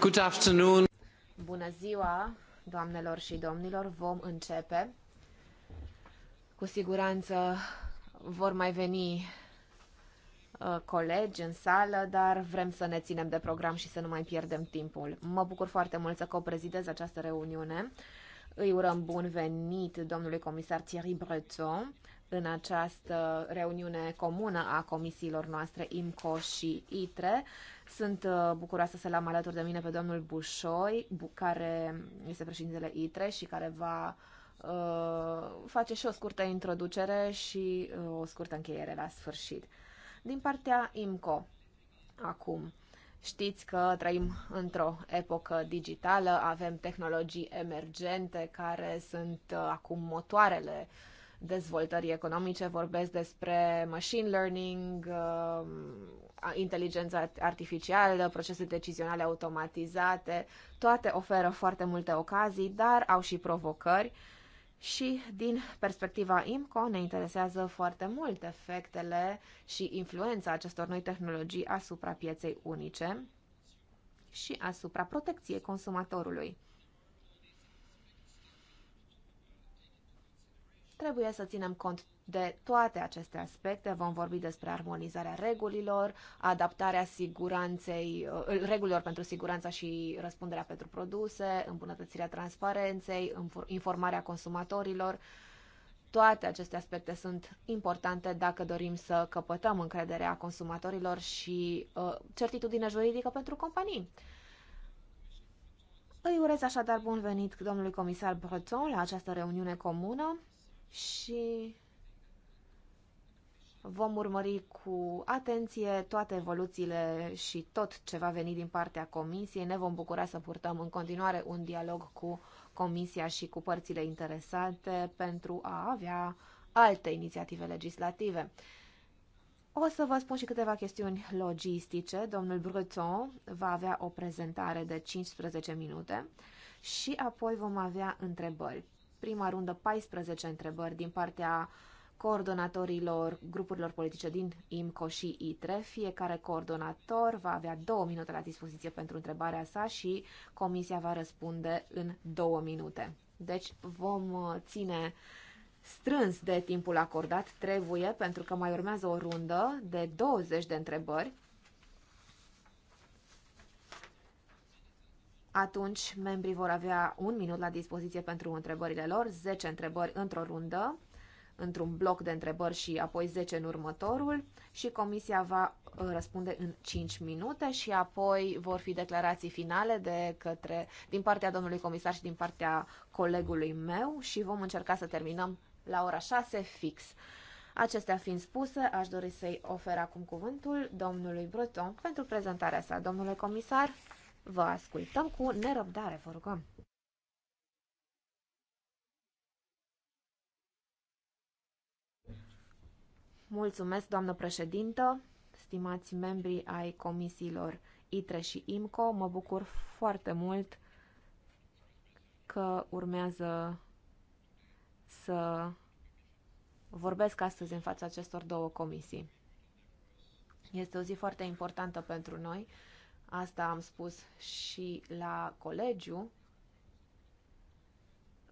Good afternoon. Bună ziua, doamnelor și domnilor, vom începe. Cu siguranță vor mai veni uh, colegi în sală, dar vrem să ne ținem de program și să nu mai pierdem timpul. Mă bucur foarte mult să coprezidez această reuniune. Îi urăm bun venit domnului comisar Thierry Breton în această reuniune comună a comisiilor noastre IMCO și ITRE. Sunt uh, bucuroasă să l-am alături de mine pe domnul Bușoi, care este președintele ITRE și care va uh, face și o scurtă introducere și uh, o scurtă încheiere la sfârșit. Din partea IMCO, acum. Știți că trăim într-o epocă digitală, avem tehnologii emergente care sunt uh, acum motoarele dezvoltării economice, vorbesc despre machine learning, uh, inteligența artificială, procese decizionale automatizate, toate oferă foarte multe ocazii, dar au și provocări și din perspectiva IMCO ne interesează foarte mult efectele și influența acestor noi tehnologii asupra pieței unice și asupra protecției consumatorului. Trebuie să ținem cont de toate aceste aspecte. Vom vorbi despre armonizarea regulilor, adaptarea siguranței, uh, regulilor pentru siguranța și răspunderea pentru produse, îmbunătățirea transparenței, informarea consumatorilor. Toate aceste aspecte sunt importante dacă dorim să căpătăm încrederea consumatorilor și uh, certitudine juridică pentru companii. Îi urez așadar bun venit domnului comisar Breton la această reuniune comună și vom urmări cu atenție toate evoluțiile și tot ce va veni din partea Comisiei. Ne vom bucura să purtăm în continuare un dialog cu Comisia și cu părțile interesate pentru a avea alte inițiative legislative. O să vă spun și câteva chestiuni logistice. Domnul Breton va avea o prezentare de 15 minute și apoi vom avea întrebări prima rundă 14 întrebări din partea coordonatorilor grupurilor politice din IMCO și ITRE. Fiecare coordonator va avea două minute la dispoziție pentru întrebarea sa și comisia va răspunde în două minute. Deci vom uh, ține strâns de timpul acordat, trebuie, pentru că mai urmează o rundă de 20 de întrebări atunci membrii vor avea un minut la dispoziție pentru întrebările lor, 10 întrebări într-o rundă, într-un bloc de întrebări și apoi 10 în următorul și comisia va uh, răspunde în 5 minute și apoi vor fi declarații finale de către, din partea domnului comisar și din partea colegului meu și vom încerca să terminăm la ora 6 fix. Acestea fiind spuse, aș dori să-i ofer acum cuvântul domnului Breton pentru prezentarea sa. Domnule comisar, Vă ascultăm cu nerăbdare, vă rugăm. Mulțumesc, doamnă președintă, stimați membri ai comisiilor ITRE și IMCO. Mă bucur foarte mult că urmează să vorbesc astăzi în fața acestor două comisii. Este o zi foarte importantă pentru noi Asta am spus și la colegiu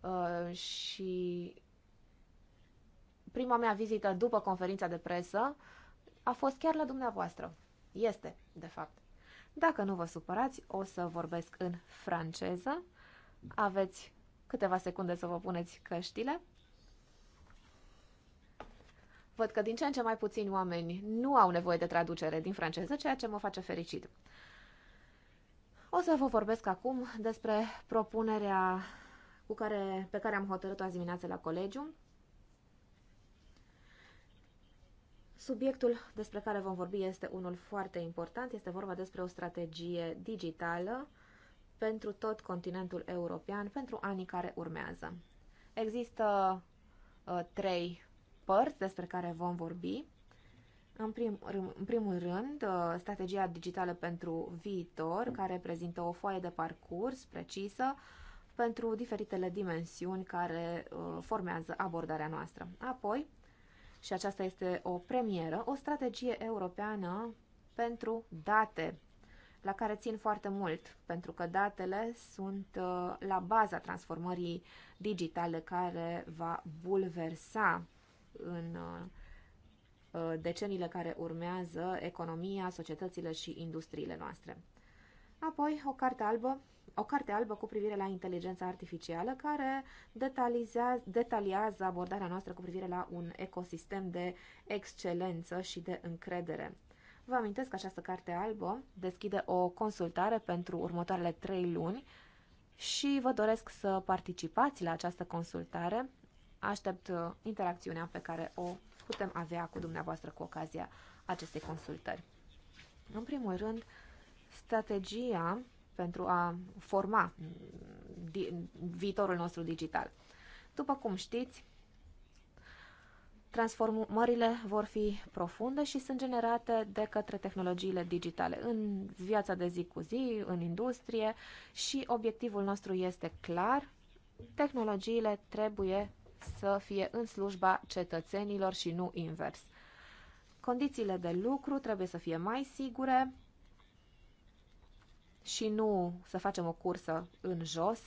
uh, și prima mea vizită după conferința de presă a fost chiar la dumneavoastră. Este, de fapt. Dacă nu vă supărați, o să vorbesc în franceză. Aveți câteva secunde să vă puneți căștile. Văd că din ce în ce mai puțini oameni nu au nevoie de traducere din franceză, ceea ce mă face fericit. O să vă vorbesc acum despre propunerea cu care, pe care am hotărât-o azi dimineață la colegiu. Subiectul despre care vom vorbi este unul foarte important. Este vorba despre o strategie digitală pentru tot continentul european pentru anii care urmează. Există uh, trei părți despre care vom vorbi. În, prim, în primul rând, uh, strategia digitală pentru viitor, care prezintă o foaie de parcurs precisă pentru diferitele dimensiuni care uh, formează abordarea noastră. Apoi, și aceasta este o premieră, o strategie europeană pentru date, la care țin foarte mult, pentru că datele sunt uh, la baza transformării digitale care va bulversa în Uh, deceniile care urmează economia, societățile și industriile noastre. Apoi, o carte albă, o carte albă cu privire la inteligența artificială care detaliază abordarea noastră cu privire la un ecosistem de excelență și de încredere. Vă amintesc că această carte albă deschide o consultare pentru următoarele trei luni și vă doresc să participați la această consultare. Aștept uh, interacțiunea pe care o putem avea cu dumneavoastră cu ocazia acestei consultări. În primul rând, strategia pentru a forma viitorul nostru digital. După cum știți, transformările vor fi profunde și sunt generate de către tehnologiile digitale în viața de zi cu zi, în industrie și obiectivul nostru este clar, tehnologiile trebuie să fie în slujba cetățenilor și nu invers. Condițiile de lucru trebuie să fie mai sigure și nu să facem o cursă în jos.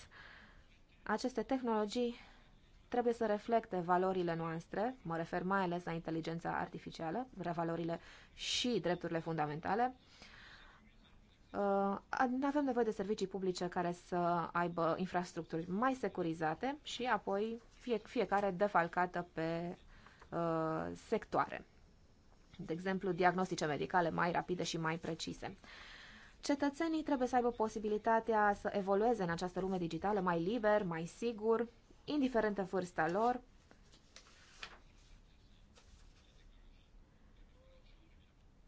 Aceste tehnologii trebuie să reflecte valorile noastre, mă refer mai ales la inteligența artificială, valorile și drepturile fundamentale. Ne uh, avem nevoie de servicii publice care să aibă infrastructuri mai securizate și apoi fie, fiecare defalcată pe uh, sectoare. De exemplu, diagnostice medicale mai rapide și mai precise. Cetățenii trebuie să aibă posibilitatea să evolueze în această lume digitală mai liber, mai sigur, indiferent de vârsta lor.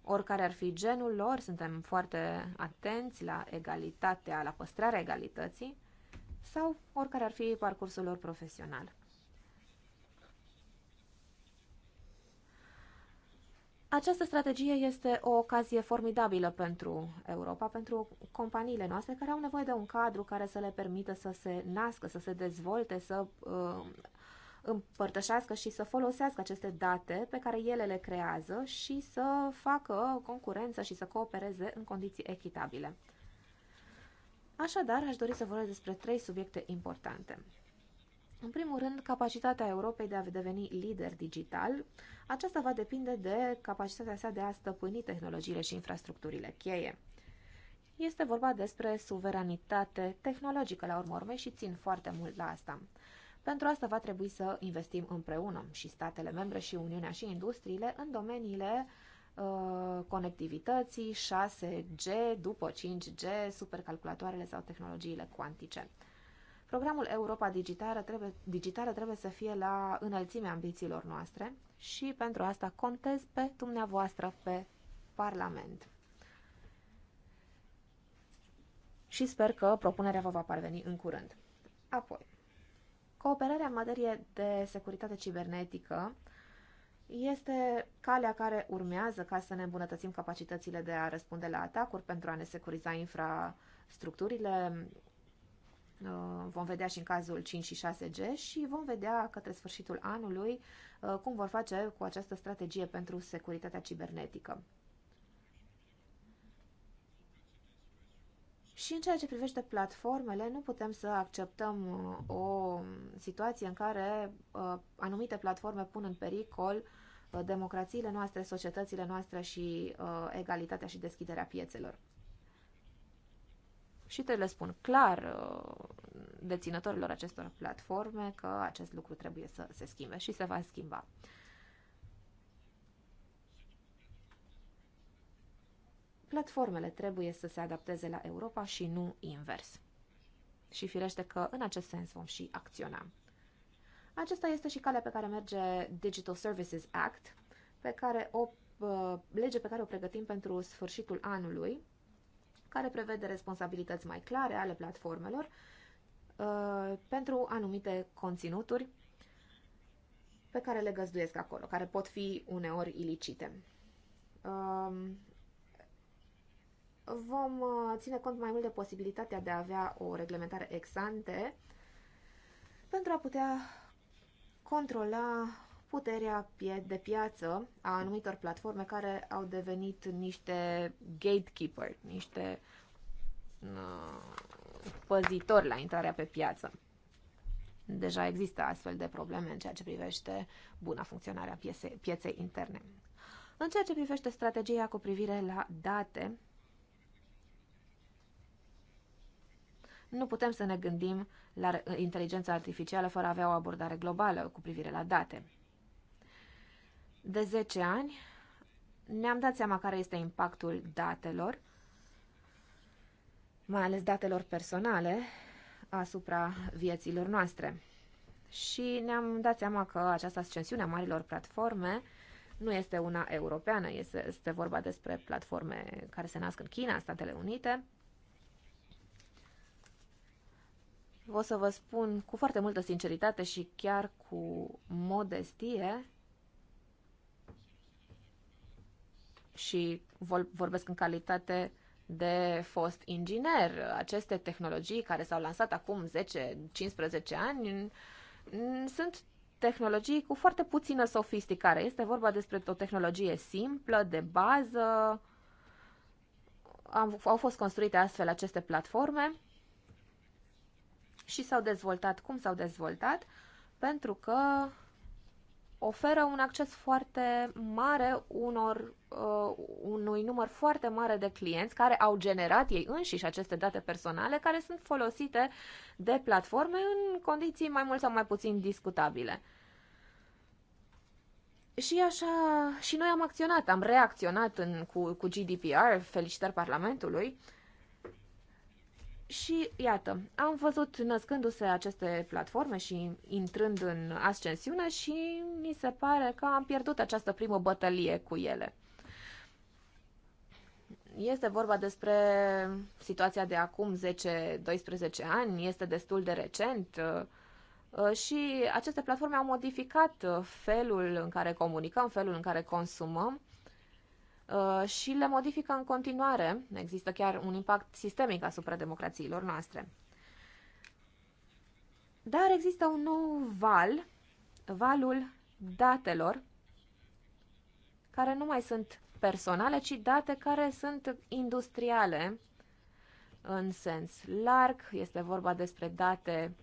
Oricare ar fi genul lor, suntem foarte atenți la egalitatea, la păstrarea egalității sau oricare ar fi parcursul lor profesional. Această strategie este o ocazie formidabilă pentru Europa, pentru companiile noastre care au nevoie de un cadru care să le permită să se nască, să se dezvolte, să uh, împărtășească și să folosească aceste date pe care ele le creează și să facă concurență și să coopereze în condiții echitabile. Așadar, aș dori să vorbesc despre trei subiecte importante. În primul rând, capacitatea Europei de a deveni lider digital. Aceasta va depinde de capacitatea sa de a stăpâni tehnologiile și infrastructurile cheie. Este vorba despre suveranitate tehnologică la urmă urmei și țin foarte mult la asta. Pentru asta va trebui să investim împreună și statele membre și Uniunea și industriile în domeniile uh, conectivității, 6G, după 5G, supercalculatoarele sau tehnologiile cuantice. Programul Europa Digitală trebuie, digitală trebuie să fie la înălțimea ambițiilor noastre și pentru asta contez pe dumneavoastră, pe Parlament. Și sper că propunerea vă va parveni în curând. Apoi, cooperarea în materie de securitate cibernetică este calea care urmează ca să ne îmbunătățim capacitățile de a răspunde la atacuri pentru a ne securiza infrastructurile Uh, vom vedea și în cazul 5 și 6G și vom vedea către sfârșitul anului uh, cum vor face cu această strategie pentru securitatea cibernetică. Și în ceea ce privește platformele, nu putem să acceptăm uh, o situație în care anumite platforme pun în pericol democrațiile noastre, societățile noastre și egalitatea și deschiderea piețelor și te le spun clar uh, deținătorilor acestor platforme că acest lucru trebuie să se schimbe și se va schimba. Platformele trebuie să se adapteze la Europa și nu invers. Și firește că în acest sens vom și acționa. Acesta este și calea pe care merge Digital Services Act, pe care o uh, lege pe care o pregătim pentru sfârșitul anului care prevede responsabilități mai clare ale platformelor uh, pentru anumite conținuturi pe care le găzduiesc acolo, care pot fi uneori ilicite. Um, vom uh, ține cont mai mult de posibilitatea de a avea o reglementare ex ante pentru a putea controla puterea de piață a anumitor platforme care au devenit niște gatekeeper, niște păzitori la intrarea pe piață. Deja există astfel de probleme în ceea ce privește buna funcționare a pieței, pieței interne. În ceea ce privește strategia cu privire la date, nu putem să ne gândim la inteligența artificială fără a avea o abordare globală cu privire la date de 10 ani ne-am dat seama care este impactul datelor, mai ales datelor personale, asupra vieților noastre. Și ne-am dat seama că această ascensiune a marilor platforme nu este una europeană, este, este vorba despre platforme care se nasc în China, în Statele Unite. O să vă spun cu foarte multă sinceritate și chiar cu modestie și vorbesc în calitate de fost inginer. Aceste tehnologii care s-au lansat acum 10-15 ani sunt tehnologii cu foarte puțină sofisticare. Este vorba despre o tehnologie simplă, de bază. au fost construite astfel aceste platforme și s-au dezvoltat cum s-au dezvoltat, pentru că oferă un acces foarte mare unor, uh, unui număr foarte mare de clienți care au generat ei înșiși aceste date personale care sunt folosite de platforme în condiții mai mult sau mai puțin discutabile. Și așa, și noi am acționat, am reacționat în, cu, cu GDPR, felicitări Parlamentului, uh, și iată, am văzut născându-se aceste platforme și intrând în ascensiune și mi se pare că am pierdut această primă bătălie cu ele. Este vorba despre situația de acum 10-12 ani, este destul de recent uh, și aceste platforme au modificat felul în care comunicăm, felul în care consumăm Uh, și le modifică în continuare. Există chiar un impact sistemic asupra democrațiilor noastre. Dar există un nou val, valul datelor, care nu mai sunt personale, ci date care sunt industriale în sens larg. Este vorba despre date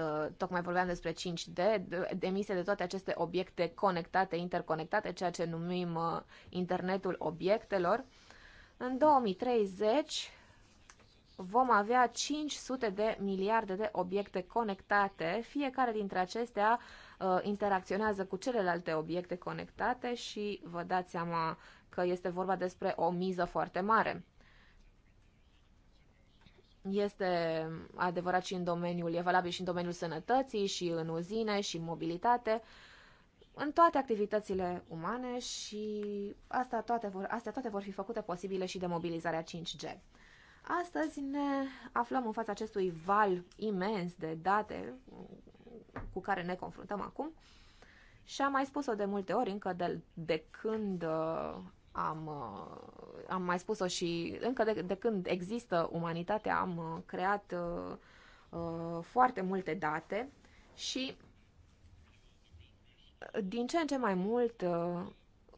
Uh, tocmai vorbeam despre 5D, emise de toate aceste obiecte conectate, interconectate, ceea ce numim uh, internetul obiectelor. În 2030 vom avea 500 de miliarde de obiecte conectate, fiecare dintre acestea uh, interacționează cu celelalte obiecte conectate și vă dați seama că este vorba despre o miză foarte mare. Este adevărat și în domeniul, e valabil și în domeniul sănătății, și în uzine, și în mobilitate, în toate activitățile umane și asta toate vor, astea toate vor fi făcute posibile și de mobilizarea 5G. Astăzi ne aflăm în fața acestui val imens de date cu care ne confruntăm acum și am mai spus-o de multe ori încă de, de când uh, am, uh, am mai spus-o și încă de, de când există umanitatea am uh, creat uh, uh, foarte multe date și din ce în ce mai mult uh,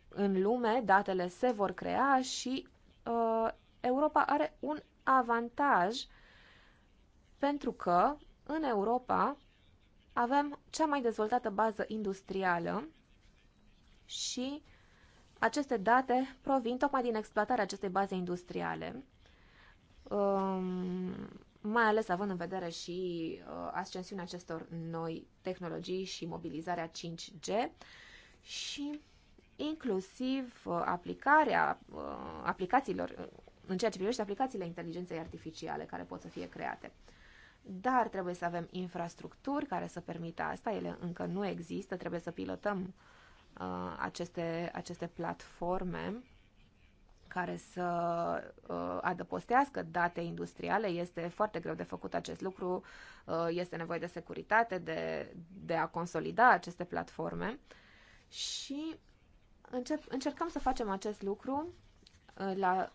în lume datele se vor crea și uh, Europa are un avantaj pentru că în Europa avem cea mai dezvoltată bază industrială și aceste date provin tocmai din exploatarea acestei baze industriale, um, mai ales având în vedere și uh, ascensiunea acestor noi tehnologii și mobilizarea 5G și inclusiv uh, aplicarea uh, aplicațiilor, în ceea ce privește aplicațiile inteligenței artificiale care pot să fie create dar trebuie să avem infrastructuri care să permită asta, ele încă nu există, trebuie să pilotăm uh, aceste, aceste platforme care să uh, adăpostească date industriale. Este foarte greu de făcut acest lucru, uh, este nevoie de securitate, de, de a consolida aceste platforme și încep, încercăm să facem acest lucru uh, la,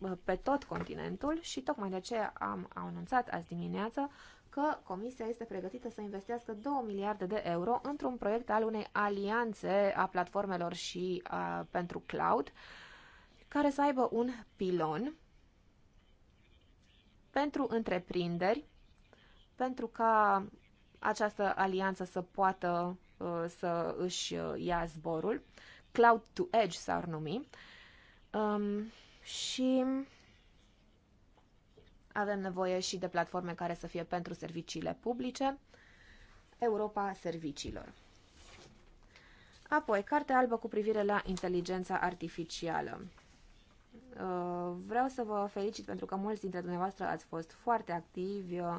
uh, pe tot continentul și tocmai de aceea am anunțat azi dimineață că Comisia este pregătită să investească 2 miliarde de euro într-un proiect al unei alianțe a platformelor și a, pentru cloud, care să aibă un pilon pentru întreprinderi, pentru ca această alianță să poată uh, să își uh, ia zborul. Cloud to Edge s-ar numi. Um, și avem nevoie și de platforme care să fie pentru serviciile publice, Europa Serviciilor. Apoi, carte albă cu privire la inteligența artificială. Uh, vreau să vă felicit pentru că mulți dintre dumneavoastră ați fost foarte activi, uh,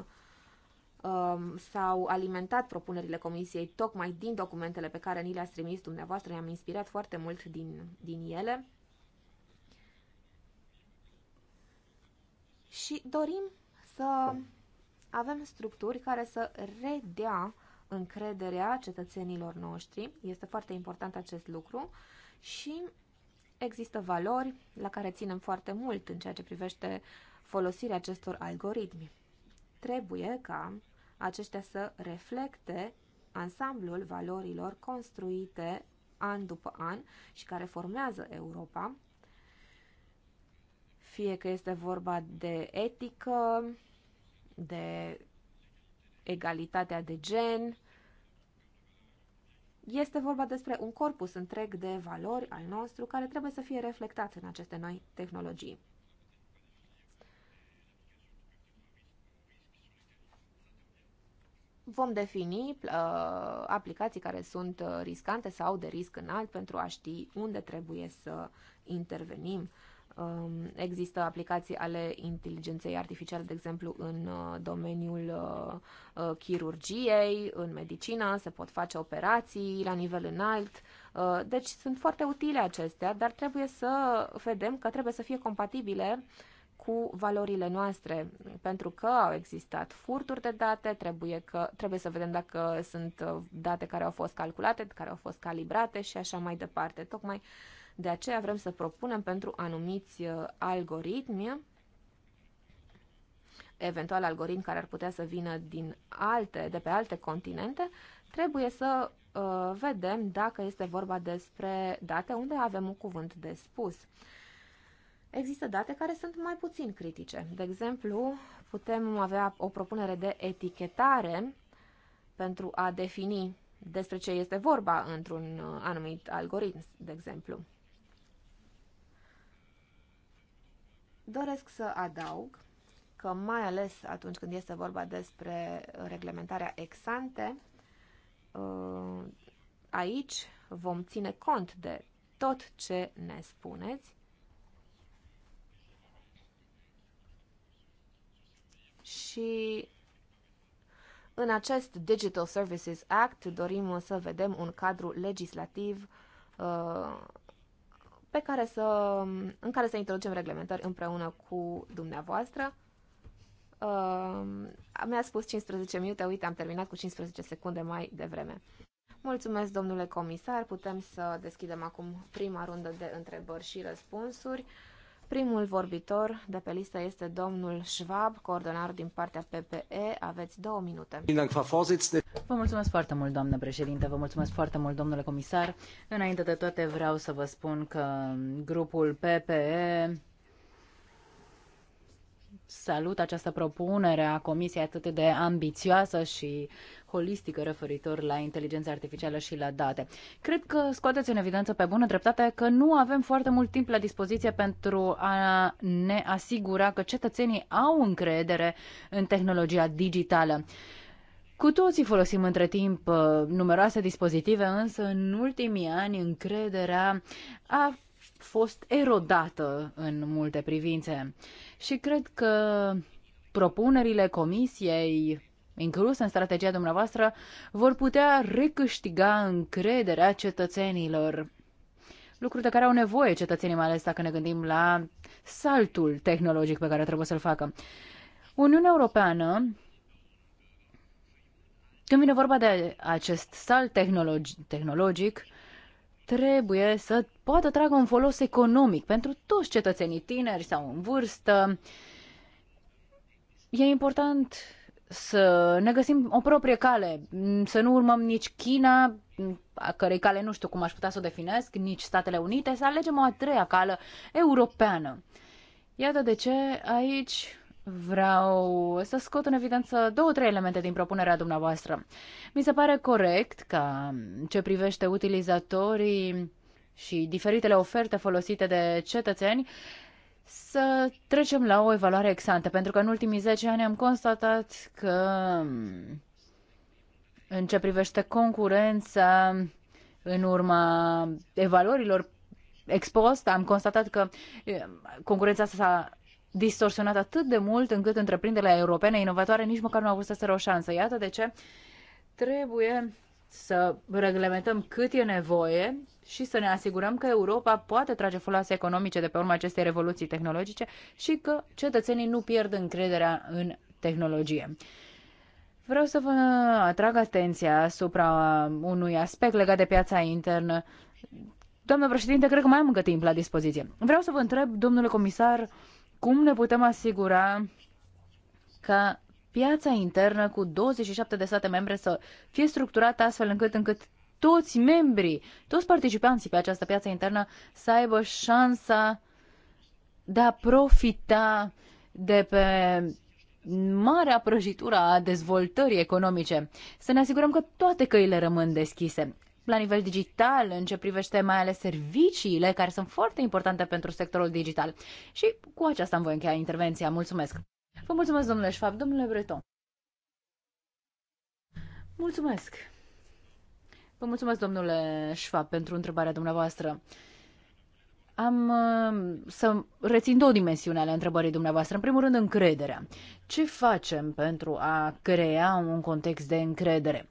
um, s-au alimentat propunerile comisiei tocmai din documentele pe care ni le-ați trimis dumneavoastră, ne-am inspirat foarte mult din, din ele. și dorim să avem structuri care să redea încrederea cetățenilor noștri. Este foarte important acest lucru și există valori la care ținem foarte mult în ceea ce privește folosirea acestor algoritmi. Trebuie ca aceștia să reflecte ansamblul valorilor construite an după an și care formează Europa fie că este vorba de etică, de egalitatea de gen. Este vorba despre un corpus întreg de valori al nostru care trebuie să fie reflectat în aceste noi tehnologii. Vom defini uh, aplicații care sunt uh, riscante sau de risc înalt pentru a ști unde trebuie să intervenim. Uh, um, există aplicații ale inteligenței artificiale, de exemplu, în uh, domeniul uh, uh, chirurgiei, în medicină, se pot face operații la nivel înalt. Uh, deci sunt foarte utile acestea, dar trebuie să vedem că trebuie să fie compatibile cu valorile noastre, pentru că au existat furturi de date, trebuie, că, trebuie să vedem dacă sunt uh, date care au fost calculate, care au fost calibrate și așa mai departe. Tocmai uh, de aceea vrem să propunem pentru anumiți uh, algoritmi, eventual algoritmi care ar putea să vină din alte, de pe alte continente, trebuie să uh, vedem dacă este vorba despre date unde avem un cuvânt de spus. Există date care sunt mai puțin critice. De exemplu, putem avea o propunere de etichetare pentru a defini despre ce este vorba într-un uh, anumit algoritm, de exemplu. Doresc să adaug că mai ales atunci când este vorba despre reglementarea exante, uh, aici vom ține cont de tot ce ne spuneți și în acest Digital Services Act dorim să vedem un cadru legislativ uh, pe care să, în care să introducem reglementări împreună cu dumneavoastră. Uh, mi-a spus 15 minute, uite, am terminat cu 15 secunde mai devreme. Mulțumesc, domnule comisar, putem să deschidem acum prima rundă de întrebări și răspunsuri. Primul vorbitor de pe listă este domnul Schwab, coordonar din partea PPE. Aveți două minute. Vă mulțumesc foarte mult, doamnă președinte, vă mulțumesc foarte mult, domnule comisar. Înainte de toate vreau să vă spun că grupul PPE salut această propunere a Comisiei atât de ambițioasă și holistică referitor la inteligența artificială și la date. Cred că scoateți în evidență pe bună dreptate că nu avem foarte mult timp la dispoziție pentru a ne asigura că cetățenii au încredere în tehnologia digitală. Cu toții folosim între timp uh, numeroase dispozitive, însă în ultimii ani încrederea a fost erodată în multe privințe. Și cred că propunerile comisiei incluse în strategia dumneavoastră vor putea recâștiga încrederea cetățenilor. Lucruri de care au nevoie cetățenii, mai ales dacă ne gândim la saltul tehnologic pe care trebuie să-l facă. Uniunea Europeană când vine vorba de acest salt tehnologi- tehnologic, trebuie să poată tragă un folos economic pentru toți cetățenii tineri sau în vârstă. E important să ne găsim o proprie cale, să nu urmăm nici China, a cărei cale nu știu cum aș putea să o definesc, nici Statele Unite, să alegem o a treia cală europeană. Iată de ce aici vreau să scot în evidență două, trei elemente din propunerea dumneavoastră. Mi se pare corect ca ce privește utilizatorii și diferitele oferte folosite de cetățeni să trecem la o evaluare exantă, pentru că în ultimii 10 ani am constatat că în ce privește concurența, în urma evaluărilor expost, am constatat că eh, concurența s-a distorsionat atât de mult încât întreprinderile europene inovatoare nici măcar nu au avut să o șansă. Iată de ce trebuie să reglementăm cât e nevoie și să ne asigurăm că Europa poate trage foloase economice de pe urma acestei revoluții tehnologice și că cetățenii nu pierd încrederea în tehnologie. Vreau să vă atrag atenția asupra unui aspect legat de piața internă. Doamnă președinte, cred că mai am încă timp la dispoziție. Vreau să vă întreb, domnule comisar, cum ne putem asigura că piața internă cu 27 de state membre să fie structurată astfel încât încât toți membrii, toți participanții pe această piață internă să aibă șansa de a profita de pe marea prăjitură a dezvoltării economice. Să ne asigurăm că toate căile rămân deschise la nivel digital, în ce privește mai ales serviciile, care sunt foarte importante pentru sectorul digital. Și cu aceasta îmi voi încheia intervenția. Mulțumesc! Vă mulțumesc, domnule Schwab, domnule Breton. Mulțumesc! Vă mulțumesc, domnule Schwab, pentru întrebarea dumneavoastră. Am uh, să rețin două dimensiuni ale întrebării dumneavoastră. În primul rând, încrederea. Ce facem pentru a crea un context de încredere?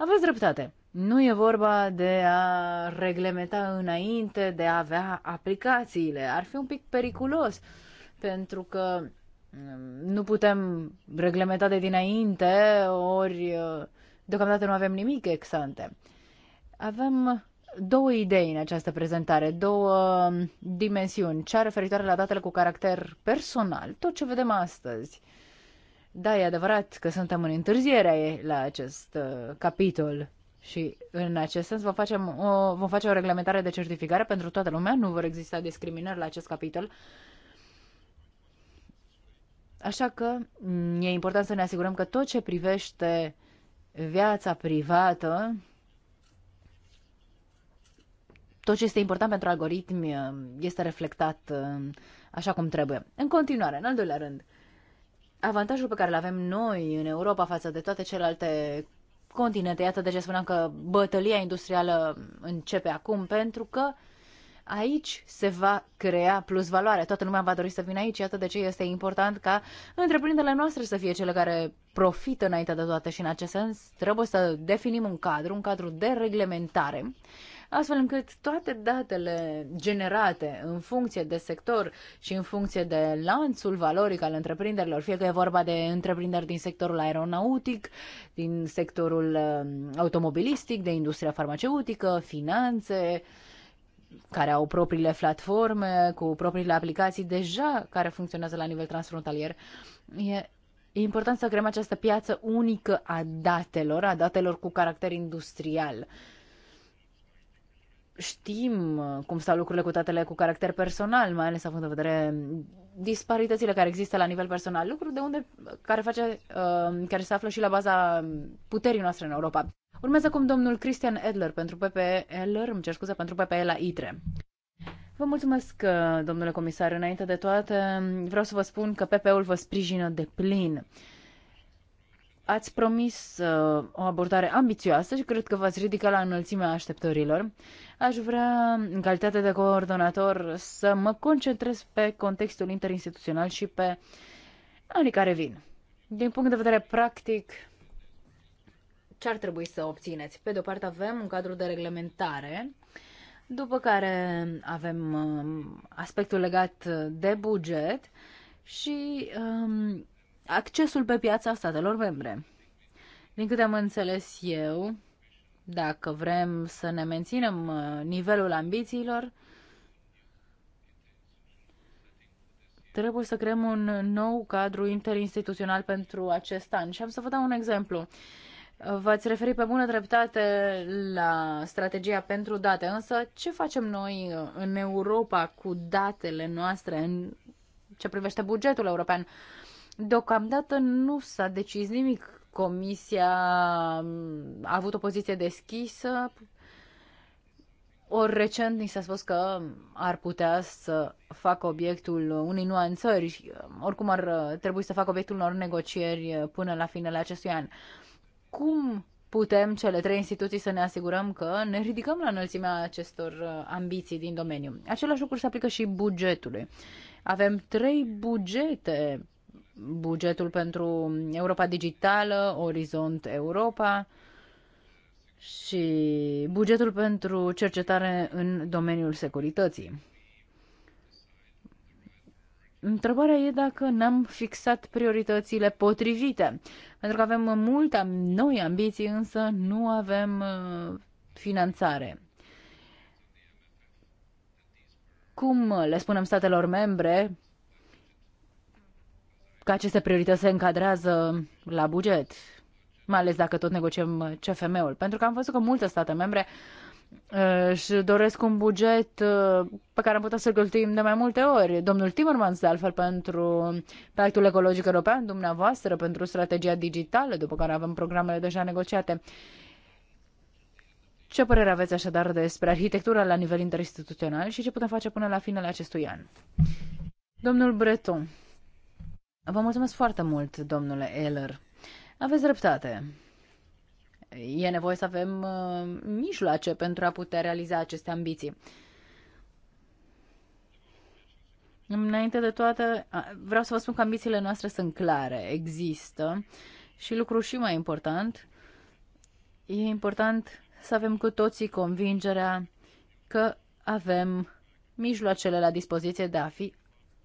Aveți dreptate. Nu e vorba de a reglementa înainte, de a avea aplicațiile. Ar fi un pic periculos, pentru că mm, nu putem reglementa de dinainte, ori uh, deocamdată nu avem nimic exante. Avem două idei în această prezentare, două mm, dimensiuni, cea referitoare la datele cu caracter personal, tot ce vedem astăzi – da, e adevărat că suntem în întârziere la acest uh, capitol și în acest sens vom, facem o, vom face o reglementare de certificare pentru toată lumea, nu vor exista discriminări la acest capitol. Așa că e important să ne asigurăm că tot ce privește viața privată, tot ce este important pentru algoritmi uh, este reflectat uh, așa cum trebuie. În continuare, în al doilea rând, avantajul pe care îl avem noi în Europa față de toate celelalte continente, iată de ce spuneam că bătălia industrială începe acum, pentru că aici se va crea plus valoare. Toată lumea va dori să vină aici, iată de ce este important ca întreprinderile noastre să fie cele care profită înainte de toate și în acest sens trebuie să definim un cadru, un cadru de reglementare astfel încât toate datele generate în funcție de sector și în funcție de lanțul valoric al întreprinderilor, fie că e vorba de întreprinderi din sectorul aeronautic, din sectorul um, automobilistic, de industria farmaceutică, finanțe, care au propriile platforme, cu propriile aplicații deja care funcționează la nivel transfrontalier. E E important să creăm această piață unică a datelor, a datelor cu caracter industrial știm uh, cum stau lucrurile cu tatele cu caracter personal, mai ales având în vedere disparitățile care există la nivel personal, lucruri de unde, care, face, uh, care se află și la baza puterii noastre în Europa. Urmează acum domnul Christian Edler pentru PPE, Edler, îmi cer scuze, pentru PPE la ITRE. Vă mulțumesc, uh, domnule comisar. Înainte de toate, vreau să vă spun că PP-ul vă sprijină de plin. Ați promis uh, o abordare ambițioasă și cred că v-ați ridicat la înălțimea așteptărilor. Aș vrea, în calitate de coordonator, să mă concentrez pe contextul interinstituțional și pe anii care vin. Din punct de vedere practic, ce ar trebui să obțineți? Pe de o parte avem un cadru de reglementare, după care avem um, aspectul legat de buget și um, accesul pe piața statelor membre. Din câte am înțeles eu, dacă vrem să ne menținem uh, nivelul ambițiilor, trebuie să creăm un nou cadru interinstituțional pentru acest an. Și am să vă dau un exemplu. V-ați referit pe bună dreptate la strategia pentru date, însă ce facem noi uh, în Europa cu datele noastre în ce privește bugetul european? Uh, Deocamdată nu s-a decis nimic. Comisia a avut o poziție deschisă. Ori recent ni s-a spus că ar putea să facă obiectul unei nuanțări, oricum ar trebui să facă obiectul unor negocieri până la finele acestui an. Cum putem cele trei instituții să ne asigurăm că ne ridicăm la înălțimea acestor ambiții din domeniu? Același lucru se aplică și bugetului. Avem trei bugete bugetul pentru Europa Digitală, Orizont Europa și bugetul pentru cercetare în domeniul securității. Întrebarea e dacă n-am fixat prioritățile potrivite, pentru că avem multe noi ambiții, însă nu avem uh, finanțare. Cum le spunem statelor membre că aceste priorități se încadrează la buget, mai ales dacă tot negociem CFM-ul. Pentru că am văzut că multe state membre uh, își doresc un buget uh, pe care am putea să-l cheltuim de mai multe ori. Domnul Timmermans, de altfel, pentru Pactul Ecologic European, dumneavoastră, pentru strategia digitală, după care avem programele deja negociate. Ce părere aveți așadar despre arhitectura la nivel interinstituțional și ce putem face până la finele acestui an? Domnul Breton. Vă mulțumesc foarte mult, domnule Eller. Aveți dreptate. E nevoie să avem uh, mijloace pentru a putea realiza aceste ambiții. Înainte de toate, vreau să vă spun că ambițiile noastre sunt clare, există și lucru și mai important, e important să avem cu toții convingerea că avem mijloacele la dispoziție de a fi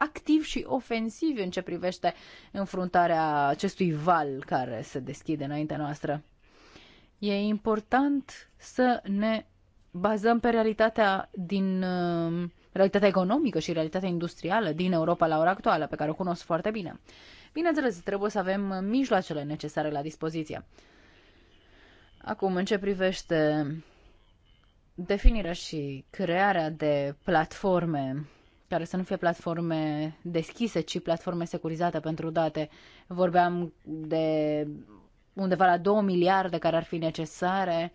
activ și ofensiv în ce privește înfruntarea acestui val care se deschide înaintea noastră. E important să ne bazăm pe realitatea din uh, realitatea economică și realitatea industrială din Europa la ora actuală, pe care o cunosc foarte bine. Bineînțeles, trebuie să avem mijloacele necesare la dispoziție. Acum, în ce privește definirea și crearea de platforme care să nu fie platforme deschise, ci platforme securizate pentru date. Vorbeam de undeva la 2 miliarde care ar fi necesare,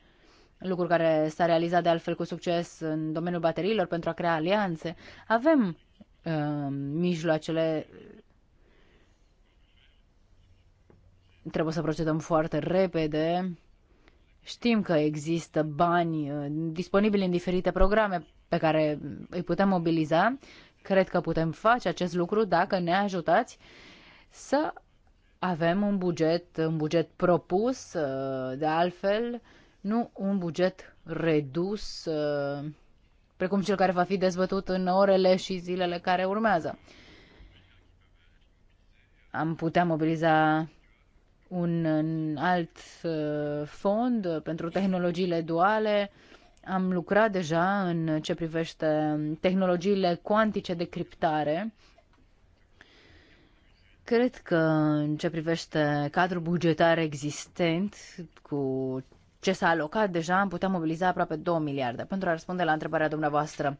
lucru care s-a realizat de altfel cu succes în domeniul bateriilor pentru a crea alianțe. Avem uh, mijloacele trebuie să procedăm foarte repede. Știm că există bani uh, disponibili în diferite programe pe care îi putem mobiliza Cred că putem face acest lucru dacă ne ajutați să avem un buget, un buget propus, uh, de altfel, nu un buget redus, uh, precum cel care va fi dezbătut în orele și zilele care urmează. Am putea mobiliza un alt uh, fond pentru tehnologiile duale, am lucrat deja în ce privește tehnologiile cuantice de criptare. Cred că în ce privește cadrul bugetar existent cu ce s-a alocat deja, am putea mobiliza aproape 2 miliarde pentru a răspunde la întrebarea dumneavoastră.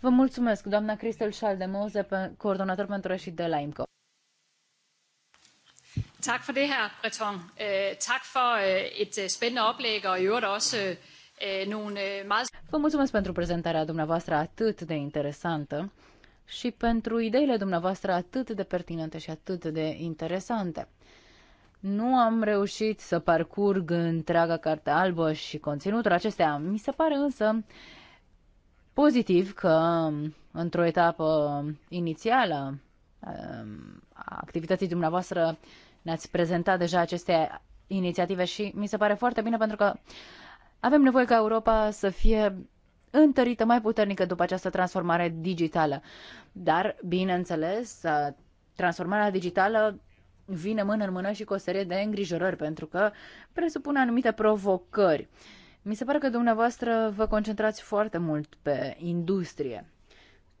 Vă mulțumesc, doamna Cristel Schaldemose, coordonator pentru și de la IMCO. Tak for det her, Breton. Uh, Tak for uh, et uh, spændende oplæg, og i øvrigt også uh, Eh, Vă mulțumesc pentru prezentarea dumneavoastră atât de interesantă și pentru ideile dumneavoastră atât de pertinente și atât de interesante. Nu am reușit să parcurg întreaga carte albă și conținutul acestea. Mi se pare însă pozitiv că într-o etapă inițială ehm, a activității dumneavoastră ne-ați prezentat deja aceste inițiative și mi se pare foarte bine pentru că avem nevoie ca Europa să fie întărită mai puternică după această transformare digitală. Dar, bineînțeles, transformarea digitală vine mână în mână și cu o serie de îngrijorări, pentru că presupune anumite provocări. Mi se pare că dumneavoastră vă concentrați foarte mult pe industrie.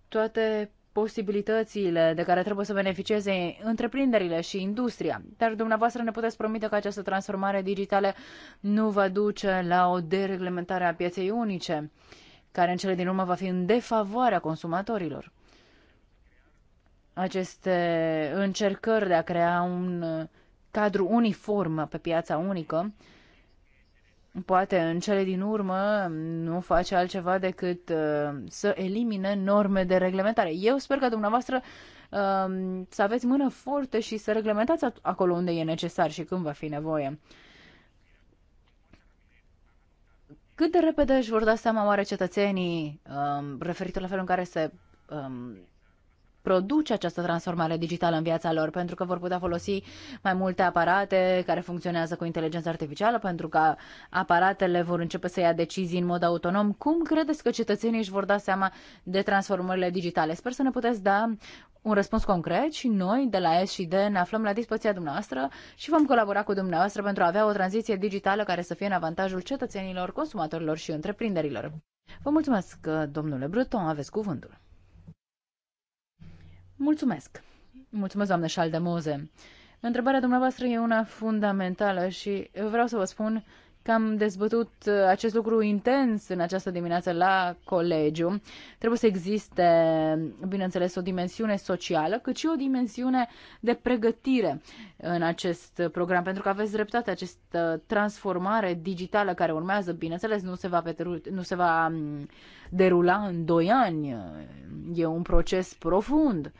Toate posibilitățile de care trebuie să beneficieze întreprinderile și industria. Dar dumneavoastră ne puteți promite că această transformare digitală nu va duce la o dereglementare a pieței unice, care în cele din urmă va fi în defavoarea consumatorilor. Aceste încercări de a crea un cadru uniform pe piața unică poate în cele din urmă nu face altceva decât uh, să elimine norme de reglementare. Eu sper că dumneavoastră uh, să aveți mână forte și să reglementați acolo unde e necesar și când va fi nevoie. Cât de repede își vor da seama oare cetățenii uh, referitor la felul în care se um, produce această transformare digitală în viața lor, pentru că vor putea folosi mai multe aparate care funcționează cu inteligența artificială, pentru că aparatele vor începe să ia decizii în mod autonom. Cum credeți că cetățenii își vor da seama de transformările digitale? Sper să ne puteți da un răspuns concret și noi de la S și D ne aflăm la dispoziția dumneavoastră și vom colabora cu dumneavoastră pentru a avea o tranziție digitală care să fie în avantajul cetățenilor, consumatorilor și întreprinderilor. Vă mulțumesc, domnule Bruton, aveți cuvântul. Mulțumesc! Mulțumesc, doamnă Șaldemoze! Întrebarea dumneavoastră e una fundamentală și vreau să vă spun că am dezbătut uh, acest lucru intens în această dimineață la colegiu. Trebuie să existe, bineînțeles, o dimensiune socială, cât și o dimensiune de pregătire în acest program, pentru că aveți dreptate, această transformare digitală care urmează, bineînțeles, nu se va, petru- nu se va mm, derula în doi ani. E un proces profund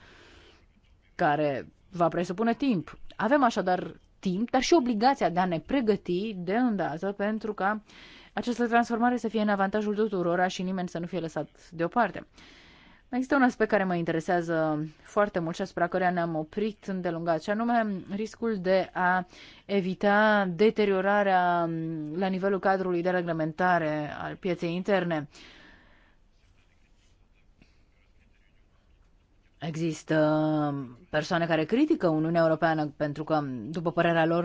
care va presupune timp. Avem așadar timp, dar și obligația de a ne pregăti de îndată pentru ca această transformare să fie în avantajul tuturor și nimeni să nu fie lăsat deoparte. Există un aspect care mă interesează foarte mult și asupra care ne-am oprit îndelungat, și anume riscul de a evita deteriorarea la nivelul cadrului de reglementare al pieței interne. Uh, Există persoane care critică Uniunea Europeană pentru că, după părerea lor,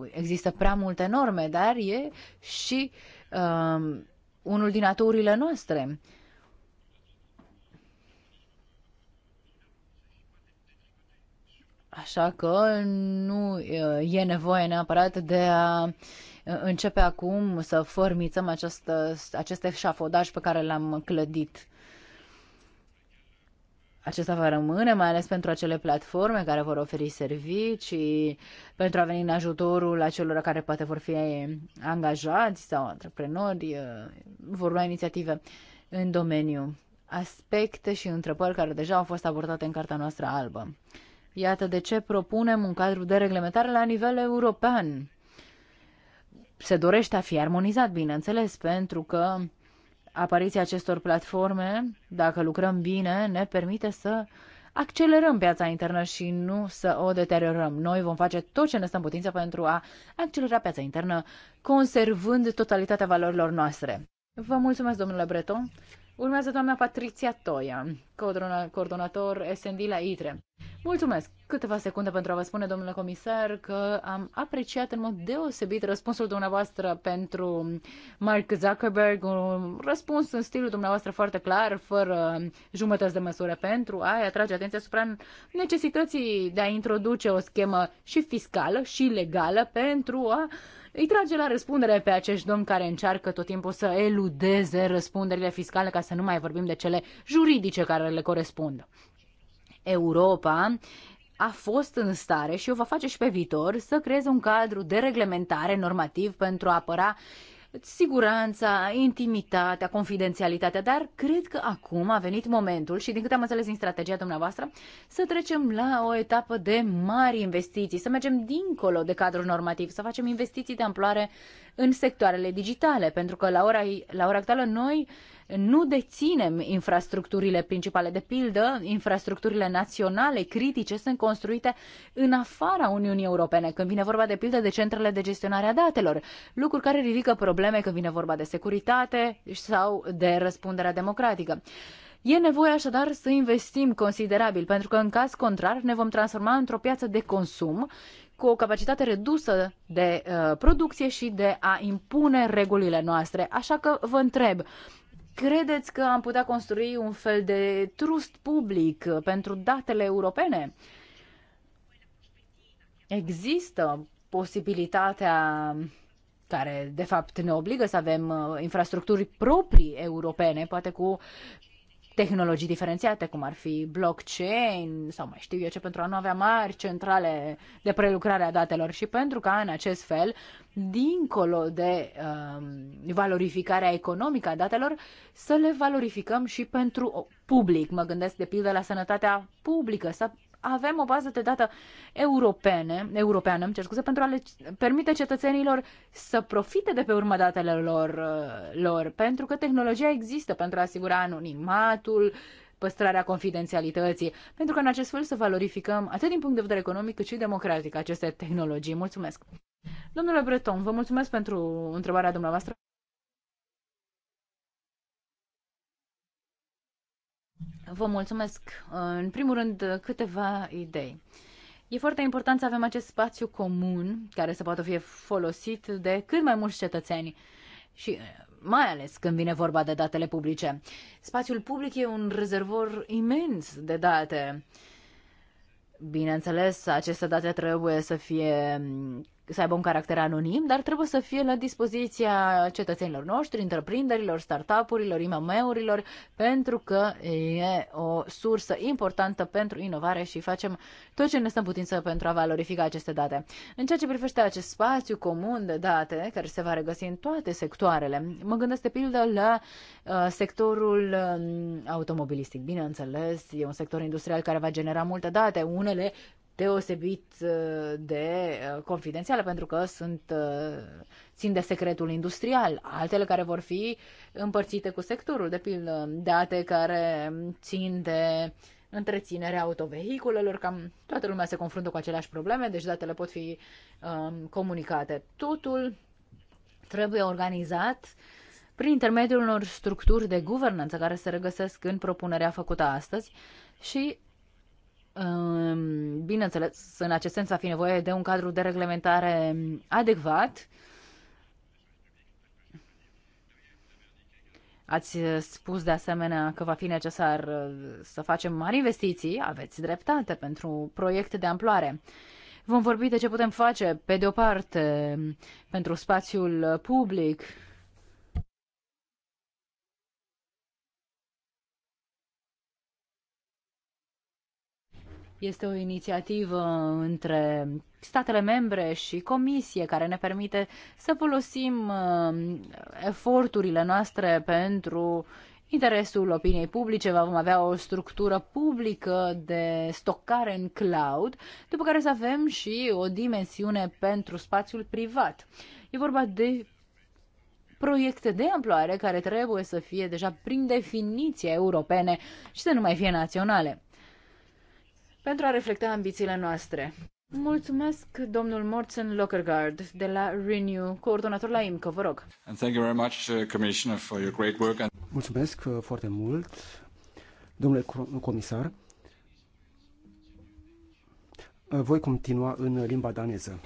uh, există prea multe norme, dar e și um, unul din aturile noastre. Așa că nu uh, e nevoie neapărat de a uh, începe acum să formițăm acest, acest eșafodaj pe care l-am clădit. Acesta va rămâne, mai ales pentru acele platforme care vor oferi servicii, pentru a veni în ajutorul acelor care poate vor fi angajați sau antreprenori, vor lua inițiative în domeniu. Aspecte și întrebări care deja au fost abordate în cartea noastră albă. Iată de ce propunem un cadru de reglementare la nivel european. Se dorește a fi armonizat, bineînțeles, pentru că apariția acestor platforme, dacă lucrăm bine, ne permite să accelerăm piața internă și nu să o deteriorăm. Noi vom face tot ce ne stă în putință pentru a accelera piața internă, conservând totalitatea valorilor noastre. Vă mulțumesc, domnule Breton. Urmează doamna Patricia Toia, coordonator SND la ITRE. Mulțumesc! Câteva secunde pentru a vă spune, domnule comisar, că am apreciat în mod deosebit răspunsul dumneavoastră pentru Mark Zuckerberg, un răspuns în stilul dumneavoastră foarte clar, fără jumătăți de măsură, pentru a atrage atenția asupra necesității de a introduce o schemă și fiscală și legală pentru a îi trage la răspundere pe acești domni care încearcă tot timpul să eludeze răspunderile fiscale, ca să nu mai vorbim de cele juridice care le corespund. Europa a fost în stare și o va face și pe viitor să creeze un cadru de reglementare normativ pentru a apăra uh, siguranța, intimitatea, confidențialitatea, dar cred că acum a venit momentul și din câte am înțeles din strategia dumneavoastră, să trecem la o etapă de mari investiții, să mergem dincolo de cadrul normativ, să facem investiții de amploare în sectoarele digitale, pentru că la ora, la ora actuală noi uh, nu deținem infrastructurile principale. De pildă, infrastructurile naționale critice sunt construite în afara Uniunii Europene, când vine vorba de pildă de centrele de gestionare a datelor, lucruri care ridică probleme când vine vorba de securitate sau de răspunderea democratică. E nevoie așadar să investim considerabil, pentru că în caz contrar ne vom transforma într-o piață de consum cu o capacitate redusă de uh, producție și de a impune regulile noastre. Așa că vă întreb, Credeți că am putea construi un fel de trust public pentru datele europene? Există posibilitatea care de fapt ne obligă să avem uh, infrastructuri proprii europene, poate cu tehnologii diferențiate, cum ar fi blockchain sau mai știu eu ce, pentru a nu avea mari centrale de prelucrare a datelor și pentru ca în acest fel, dincolo de um, valorificarea economică a datelor, să le valorificăm și pentru public. Mă gândesc de pildă la sănătatea publică, să avem o bază de dată europene, europeană, îmi cer scuze, pentru a le permite cetățenilor să profite de pe urma datele lor, uh, lor, pentru că tehnologia există pentru a asigura anonimatul, păstrarea confidențialității, pentru că în acest fel să valorificăm atât din punct de vedere economic cât și democratic aceste tehnologii. Mulțumesc! Domnule Breton, vă mulțumesc pentru întrebarea dumneavoastră. Vă mulțumesc, în primul rând, câteva idei. E foarte important să avem acest spațiu comun care să poată fi folosit de cât mai mulți cetățeni și eh, mai ales când vine vorba de datele publice. Spațiul public e un rezervor imens de date. Bineînțeles, aceste date trebuie să fie mm, să aibă un caracter anonim, dar trebuie să fie la dispoziția cetățenilor noștri, întreprinderilor, startup-urilor, IMM-urilor, pentru că e o sursă importantă pentru inovare și facem tot ce ne stăm putință pentru a valorifica aceste date. În ceea ce privește acest spațiu comun de date, care se va regăsi în toate sectoarele, mă gândesc de pildă la uh, sectorul uh, automobilistic. Bineînțeles, e un sector industrial care va genera multe date, unele deosebit uh, de uh, confidențiale pentru că sunt uh, țin de secretul industrial, altele care vor fi împărțite cu sectorul, de pildă date care țin de întreținerea autovehiculelor, cam toată lumea se confruntă cu aceleași probleme, deci datele pot fi um, comunicate. Totul trebuie organizat prin intermediul unor structuri de guvernanță care se regăsesc în propunerea făcută astăzi și Bineînțeles, în acest sens a fi nevoie de un cadru de reglementare adecvat. Ați spus de asemenea că va fi necesar uh, să facem mari investiții, aveți dreptate pentru proiecte de amploare. Vom vorbi de ce putem face, pe de o parte, pentru spațiul public, Este o inițiativă între statele membre și comisie care ne permite să folosim uh, eforturile noastre pentru interesul opiniei publice, vom avea o structură publică de stocare în cloud, după care să avem și o dimensiune pentru spațiul privat. E vorba de proiecte de amploare care trebuie să fie deja prin definiție europene și să nu mai fie naționale pentru a reflecta ambițiile noastre. Mulțumesc, domnul Morten Lockergaard de la Renew, coordonator la IMCO, vă rog. And thank you very much, uh, Commissioner, for your great work. And... Mulțumesc uh, foarte mult, domnule comisar. Uh, voi continua în limba daneză.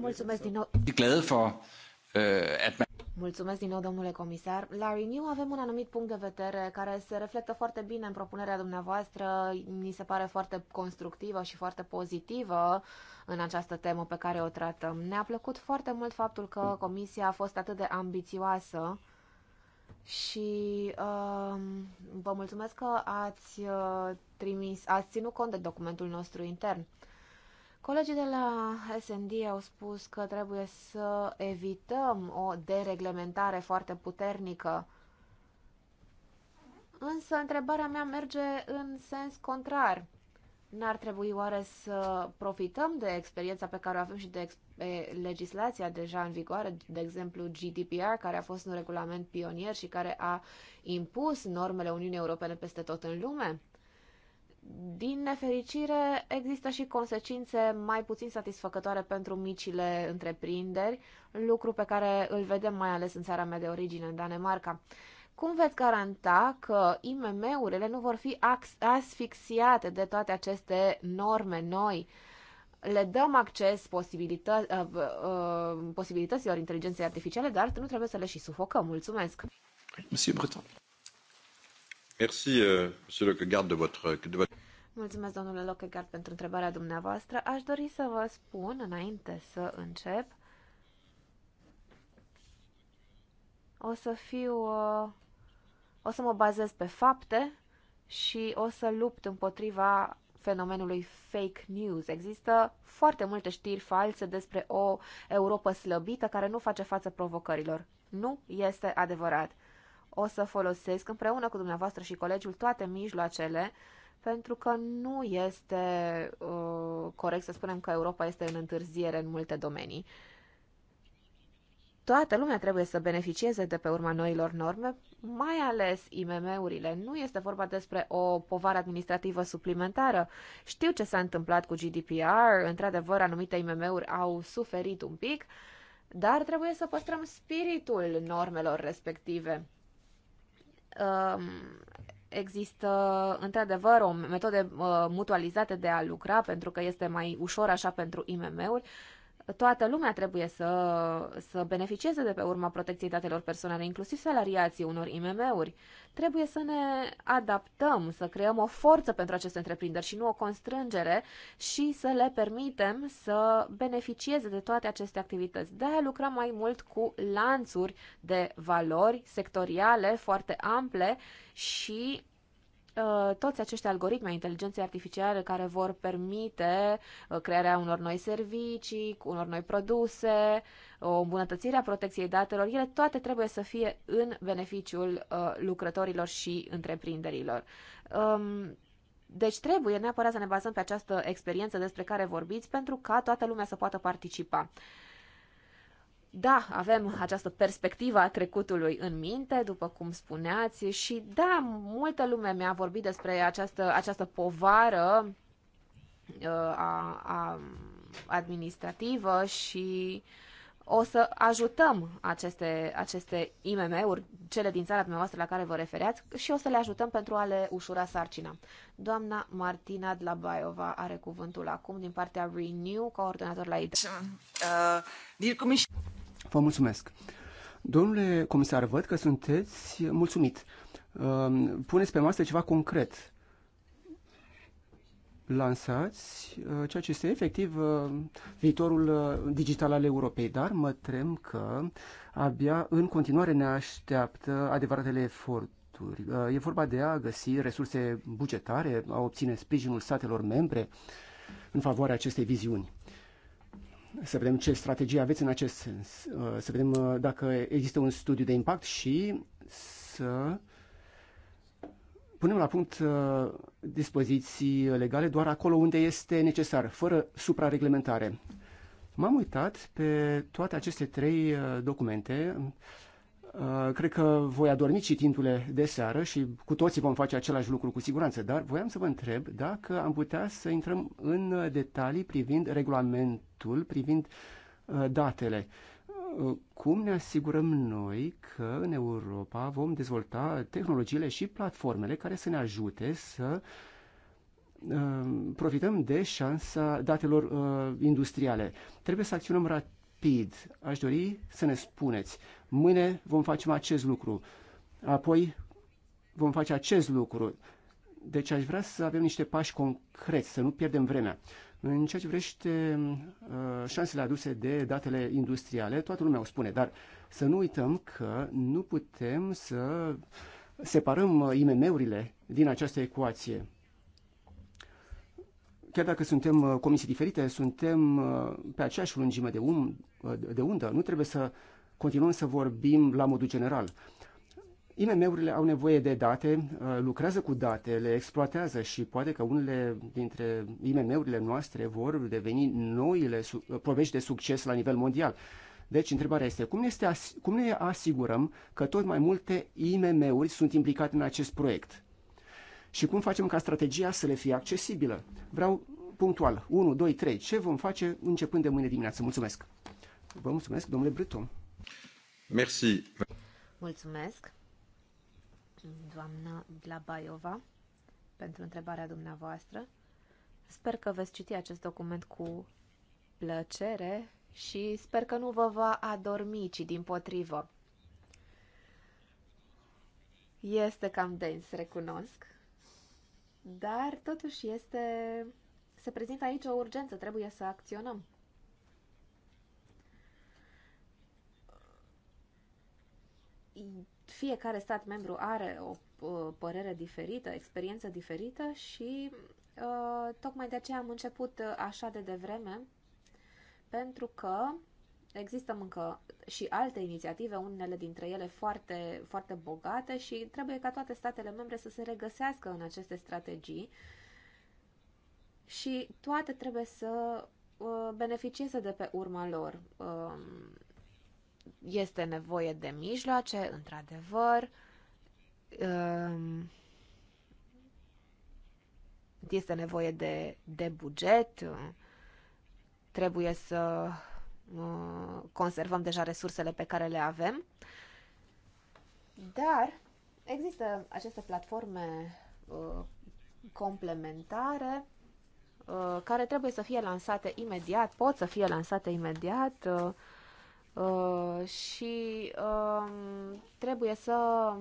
Mulțumesc din nou. glade for, at man Mulțumesc din nou, domnule comisar. La Renew avem un anumit punct de vedere care se reflectă foarte bine în propunerea dumneavoastră. Mi se pare foarte constructivă și foarte pozitivă în această temă pe care o tratăm. Ne-a plăcut foarte mult faptul că comisia a fost atât de ambițioasă și uh, vă mulțumesc că ați, uh, trimis, ați ținut cont de documentul nostru intern. Colegii de la SND au spus că trebuie să evităm o dereglementare foarte puternică. Însă întrebarea mea merge în sens contrar. N-ar trebui oare să profităm de experiența pe care o avem și de legislația deja în vigoare, de exemplu GDPR, care a fost un regulament pionier și care a impus normele Uniunii Europene peste tot în lume? Din nefericire, există și consecințe mai puțin satisfăcătoare pentru micile întreprinderi, lucru pe care îl vedem mai ales în țara mea de origine, în Danemarca. Cum veți garanta că IMM-urile nu vor fi asfixiate de toate aceste norme noi? Le dăm acces posibilită- uh, uh, uh, posibilităților inteligenței artificiale, dar nu trebuie să le și sufocăm. Mulțumesc! Monsieur Breton. Merci, euh, monsieur le garde de votre, de votre... Mulțumesc, domnule Lockegaard, pentru întrebarea dumneavoastră. Aș dori să vă spun, înainte să încep, o să fiu, uh, o să mă bazez pe fapte și o să lupt împotriva fenomenului fake news. Există foarte multe știri false despre o Europa slăbită care nu face față provocărilor. Nu este adevărat. O să folosesc împreună cu dumneavoastră și colegiul toate mijloacele uh, pentru că nu este uh, corect să spunem că Europa este în întârziere în multe domenii. Toată lumea trebuie să beneficieze de pe urma noilor norme, mai ales IMM-urile. Nu este vorba despre o povară administrativă suplimentară. Știu ce s-a întâmplat cu GDPR, într-adevăr, anumite IMM-uri au suferit un pic, dar trebuie să păstrăm spiritul normelor respective um, există într-adevăr o metodă uh, mutualizată de a lucra pentru că este mai ușor așa pentru IMM-uri, Toată lumea trebuie să, să beneficieze de pe urma protecției datelor personale, inclusiv salariații unor IMM-uri. Trebuie să ne adaptăm, să creăm o forță pentru aceste întreprinderi și nu o constrângere și să le permitem să beneficieze de toate aceste activități. De a lucra mai mult cu lanțuri de valori sectoriale foarte ample și Uh, toți acești algoritmi a inteligenței artificiale care vor permite uh, crearea unor noi servicii, unor noi produse, o îmbunătățire a protecției datelor, ele toate trebuie să fie în beneficiul uh, lucrătorilor și întreprinderilor. Um, deci trebuie neapărat să ne bazăm pe această experiență despre care vorbiți pentru ca toată lumea să poată participa da, avem această perspectivă a trecutului în minte, după cum spuneați, și da, multă lume mi-a vorbit despre această, această povară uh, a, a administrativă și o să ajutăm aceste, aceste IMM-uri, cele din țara dumneavoastră la care vă refereați, și o să le ajutăm pentru a le ușura sarcina. Doamna Martina Dlabaiova are cuvântul acum din partea Renew, coordonator la IDA. Uh, Vă mulțumesc. Domnule comisar, văd că sunteți mulțumit. Ehm, puneți pe masă ceva concret. Lansați eh, ceea ce este efectiv eh, viitorul eh, digital al Europei, dar mă tem că abia în continuare ne așteaptă adevăratele eforturi. E vorba de a găsi resurse bugetare, a obține sprijinul statelor membre în favoarea acestei viziuni să vedem ce strategie aveți în acest sens, uh, să vedem uh, dacă există un studiu de impact și să punem la punct uh, dispoziții legale doar acolo unde este necesar, fără suprareglementare. M-am uitat pe toate aceste trei documente Uh, cred că voi adormi citindu-le de seară și cu toții vom face același lucru cu siguranță, dar voiam să vă întreb dacă am putea să intrăm în detalii privind regulamentul, privind uh, datele. Uh, cum ne asigurăm noi că în Europa vom dezvolta tehnologiile și platformele care să ne ajute să profităm de șansa datelor industriale? Trebuie să acționăm rapid. Aș dori să ne spuneți Mâine vom face acest lucru. Apoi vom face acest lucru. Deci aș vrea să avem niște pași concreți, să nu pierdem vremea. În ceea ce vrește uh, șansele aduse de datele industriale, toată lumea o spune, dar să nu uităm că nu putem să separăm uh, IMM-urile din această ecuație. Chiar dacă suntem uh, comisii diferite, suntem pe aceeași lungime de, um, de undă, nu trebuie să continuăm să vorbim la modul general. IMM-urile au nevoie de date, uh, lucrează cu date, le exploatează și poate că unele dintre IMM-urile noastre vor deveni noile uh, povești de succes la nivel mondial. Deci, întrebarea este, cum, este, cum ne asigurăm că tot mai multe IMM-uri sunt implicate în acest proiect? Și cum facem ca strategia să le fie accesibilă? Vreau punctual, 1, 2, 3, ce vom face începând de mâine dimineață? Mulțumesc! Vă mulțumesc, domnule Breton! Merci. Mulțumesc, doamna Dlabaiova, pentru întrebarea dumneavoastră. Sper că veți citi acest document cu plăcere și sper că nu vă va adormi, ci din potrivă. Este cam dens, recunosc, dar totuși este... Se prezintă aici o urgență, trebuie să acționăm. fiecare stat membru are o părere diferită, experiență diferită și uh, tocmai de aceea am început uh, așa de devreme, pentru că există încă și alte inițiative, unele dintre ele foarte, foarte bogate și trebuie ca toate statele membre să se regăsească în aceste strategii și toate trebuie să uh, beneficieze de pe urma lor. Um, este nevoie de mijloace, într-adevăr. Ehm, este nevoie de, de buget. Trebuie să uh, conservăm deja resursele pe care le avem. Dar există aceste platforme uh, complementare uh, care trebuie să fie lansate imediat, pot să fie lansate imediat. Uh, Uh, și um, trebuie să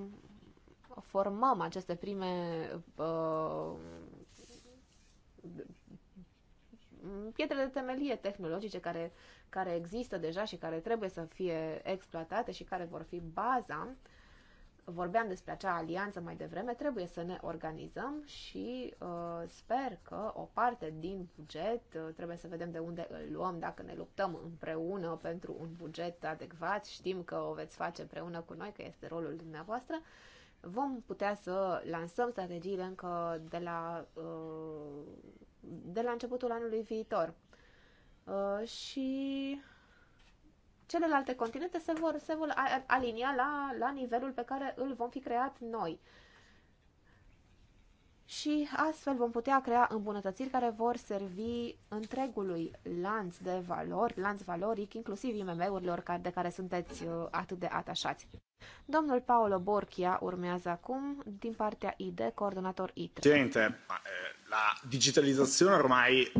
formăm aceste prime uh, pietre de temelie tehnologice care, care există deja și care trebuie să fie exploatate și care vor fi baza uh, vorbeam despre acea alianță mai devreme, trebuie să ne organizăm și uh, sper că o parte din buget, uh, trebuie să vedem de unde îl luăm, dacă ne luptăm împreună pentru un buget adecvat, știm că o veți face împreună cu noi, că este rolul dumneavoastră, vom putea să lansăm strategiile încă de la, uh, de la începutul anului viitor. Uh, și celelalte continente se vor, se vor alinia la, la nivelul pe care îl vom fi creat noi. Și astfel vom putea crea îmbunătățiri care vor servi întregului lanț de valori, lanț valoric, inclusiv IMM-urilor de care sunteți uh, atât de atașați. Domnul Paolo Borchia urmează acum din partea ID, coordonator IT. Gente, la digitalizare ormai...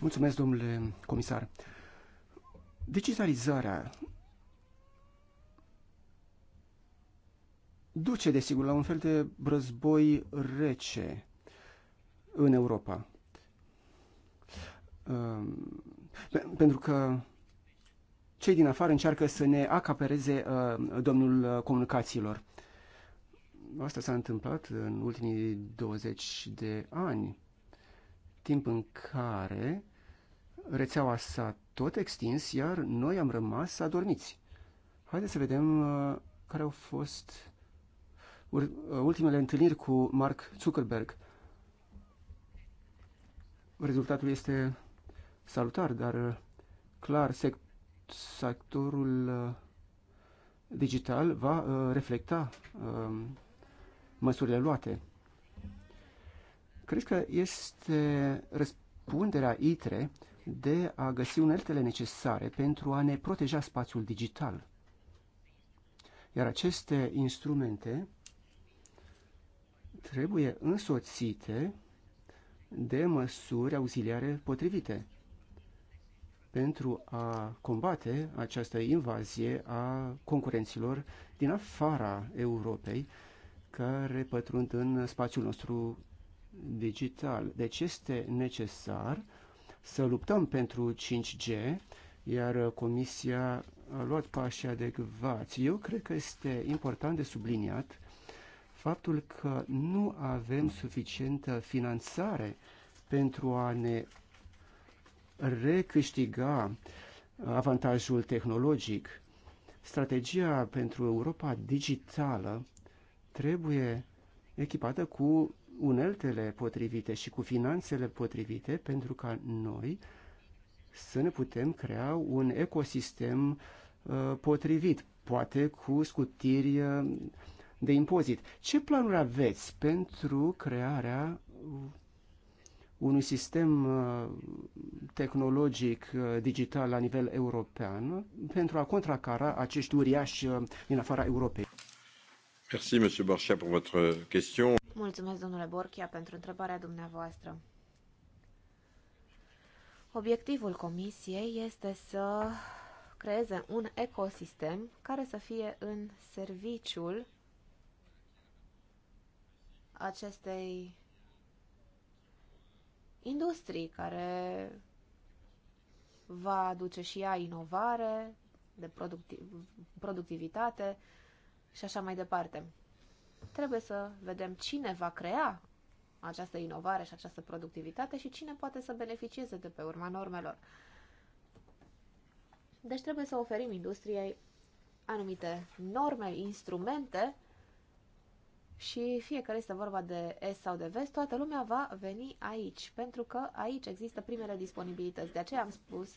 Mulțumesc, domnule comisar. Digitalizarea duce, desigur, la un fel de război rece în Europa. Ehm, pentru că cei din afară încearcă să ne acapereze uh, domnul uh, comunicațiilor. Asta s-a întâmplat în ultimii 20 de ani, timp în care rețeaua s-a tot extins, iar noi am rămas adormiți. Haideți să vedem uh, care au fost uh, ultimele întâlniri cu Mark Zuckerberg. Rezultatul este salutar, dar uh, clar sectorul digital va reflecta um, măsurile luate. Cred că este răspunderea ITRE de a găsi uneltele necesare pentru a ne proteja spațiul digital. Iar aceste instrumente trebuie însoțite de măsuri auxiliare potrivite pentru a combate această invazie a concurenților din afara Europei care pătrund în spațiul nostru digital. Deci este necesar să luptăm pentru 5G, iar Comisia a luat pașii adecvați. Eu cred că este important de subliniat faptul că nu avem suficientă finanțare pentru a ne recâștiga avantajul tehnologic. Strategia pentru Europa digitală trebuie echipată cu uneltele potrivite și cu finanțele potrivite pentru ca noi să ne putem crea un ecosistem uh, potrivit, poate cu scutiri uh, de impozit. Ce planuri aveți pentru crearea unui sistem uh, tehnologic uh, digital la nivel european pentru a contracara acești uriași uh, din afara Europei? Merci, M. Borșa, pentru votre question. Mulțumesc, domnule Borchia, pentru întrebarea dumneavoastră. Obiectivul comisiei este să creeze un ecosistem care să fie în serviciul acestei industrii care va aduce și ea inovare, de productivitate și așa mai departe. Trebuie să vedem cine va crea această inovare și această productivitate și cine poate să beneficieze de pe urma normelor. Deci trebuie să oferim industriei anumite norme, instrumente și fie că este vorba de est sau de vest, toată lumea va veni aici, pentru că aici există primele disponibilități. De aceea am spus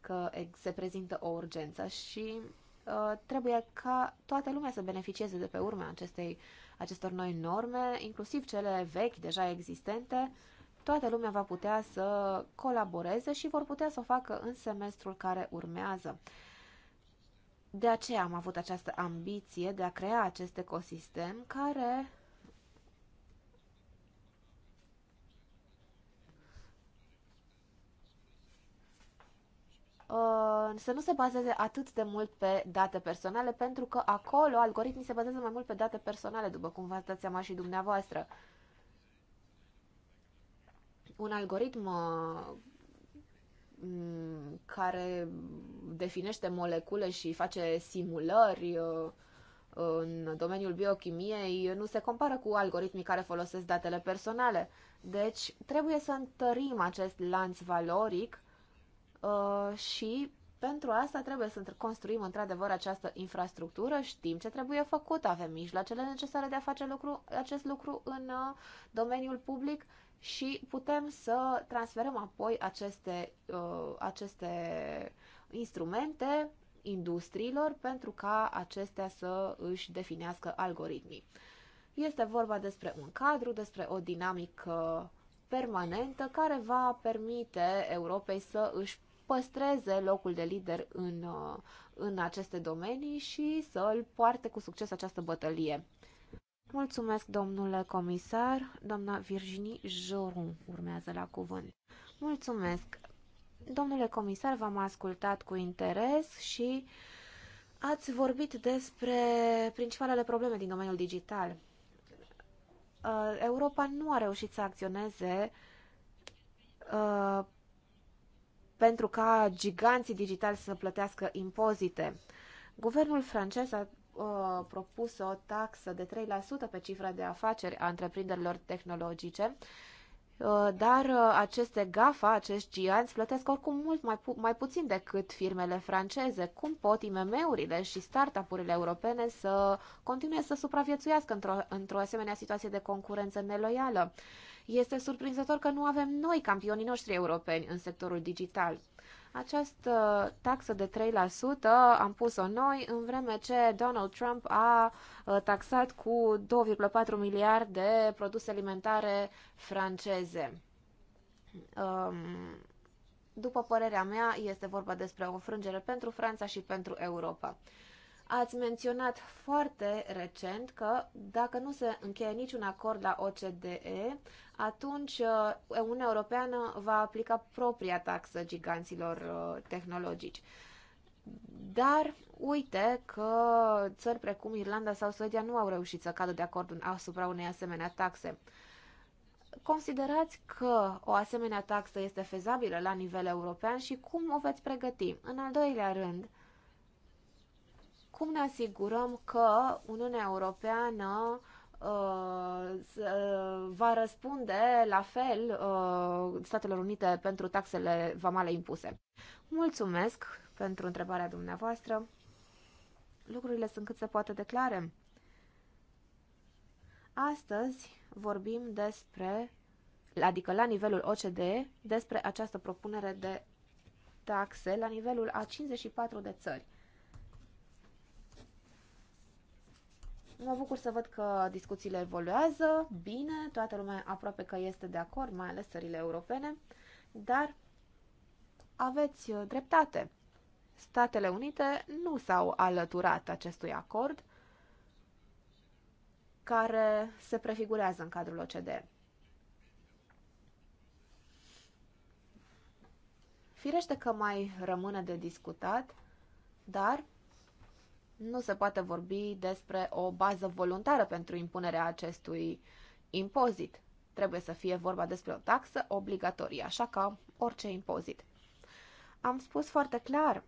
că se prezintă o urgență și uh, trebuie ca toată lumea să beneficieze de pe urma acestei uh, acestor noi norme, inclusiv cele vechi, deja existente, toată lumea va putea să colaboreze și vor putea să o facă în semestrul care urmează. De aceea am avut această ambiție de a crea acest ecosistem care Uh, să nu se bazeze atât de mult pe date personale, pentru că acolo algoritmii se bazează mai mult pe date personale, după cum v-ați dat seama și dumneavoastră. Un algoritm uh, care definește molecule și face simulări uh, în domeniul biochimiei nu se compară cu algoritmii care folosesc datele personale. Deci trebuie să întărim acest lanț valoric Uh, și pentru asta trebuie să construim într-adevăr această infrastructură, știm ce trebuie făcut, avem mijloacele necesare de a face lucru, acest lucru în uh, domeniul public și putem să transferăm apoi aceste, uh, aceste instrumente industriilor pentru ca acestea să își definească algoritmii. Este vorba despre un cadru, despre o dinamică permanentă care va permite Europei să își păstreze locul de lider în, uh, în aceste domenii și să îl poarte cu succes această bătălie. Mulțumesc, domnule comisar. Doamna Virginie Jorun urmează la cuvânt. Mulțumesc. Domnule comisar, v-am ascultat cu interes și ați vorbit despre principalele probleme din domeniul digital. Uh, Europa nu a reușit să acționeze uh, pentru ca giganții digitali să plătească impozite. Guvernul francez a uh, propus o taxă de 3% pe cifra de afaceri a întreprinderilor tehnologice, uh, dar uh, aceste GAFA, acești giganți, plătesc oricum mult mai, pu- mai puțin decât firmele franceze. Cum pot IMM-urile și startup-urile europene să continue să supraviețuiască într-o, într, -o, asemenea situație de concurență neloială? Este surprinzător că nu avem noi campionii noștri europeni în sectorul digital. Această taxă de 3% am pus-o noi în vreme ce Donald Trump a uh, taxat cu 2,4 miliarde produse alimentare franceze. Um, după părerea mea, este vorba despre o frângere pentru Franța și pentru Europa. Ați menționat foarte recent că dacă nu se încheie niciun acord la OCDE, atunci uh, Uniunea Europeană va aplica propria taxă giganților uh, tehnologici. Dar uite că țări precum Irlanda sau Suedia nu au reușit să cadă de acord asupra unei asemenea taxe. Considerați că o asemenea taxă este fezabilă la nivel european și cum o veți pregăti? În al doilea rând, cum ne asigurăm că Uniunea Europeană uh, uh, va răspunde la fel uh, Statelor Unite pentru taxele vamale impuse. Mulțumesc pentru întrebarea dumneavoastră. Lucrurile sunt cât se poate declare. Astăzi vorbim despre, adică la nivelul OCDE, despre această propunere de taxe la nivelul a 54 de țări. Mă bucur să văd că discuțiile evoluează bine, toată lumea aproape că este de acord, mai ales țările europene, dar aveți uh, dreptate. Statele Unite nu s-au alăturat acestui acord care se prefigurează în cadrul OCDE. Firește că mai rămâne de discutat, dar nu se poate vorbi despre o bază voluntară pentru impunerea acestui impozit. Trebuie să fie vorba despre o taxă obligatorie, așa ca orice impozit. Am spus foarte clar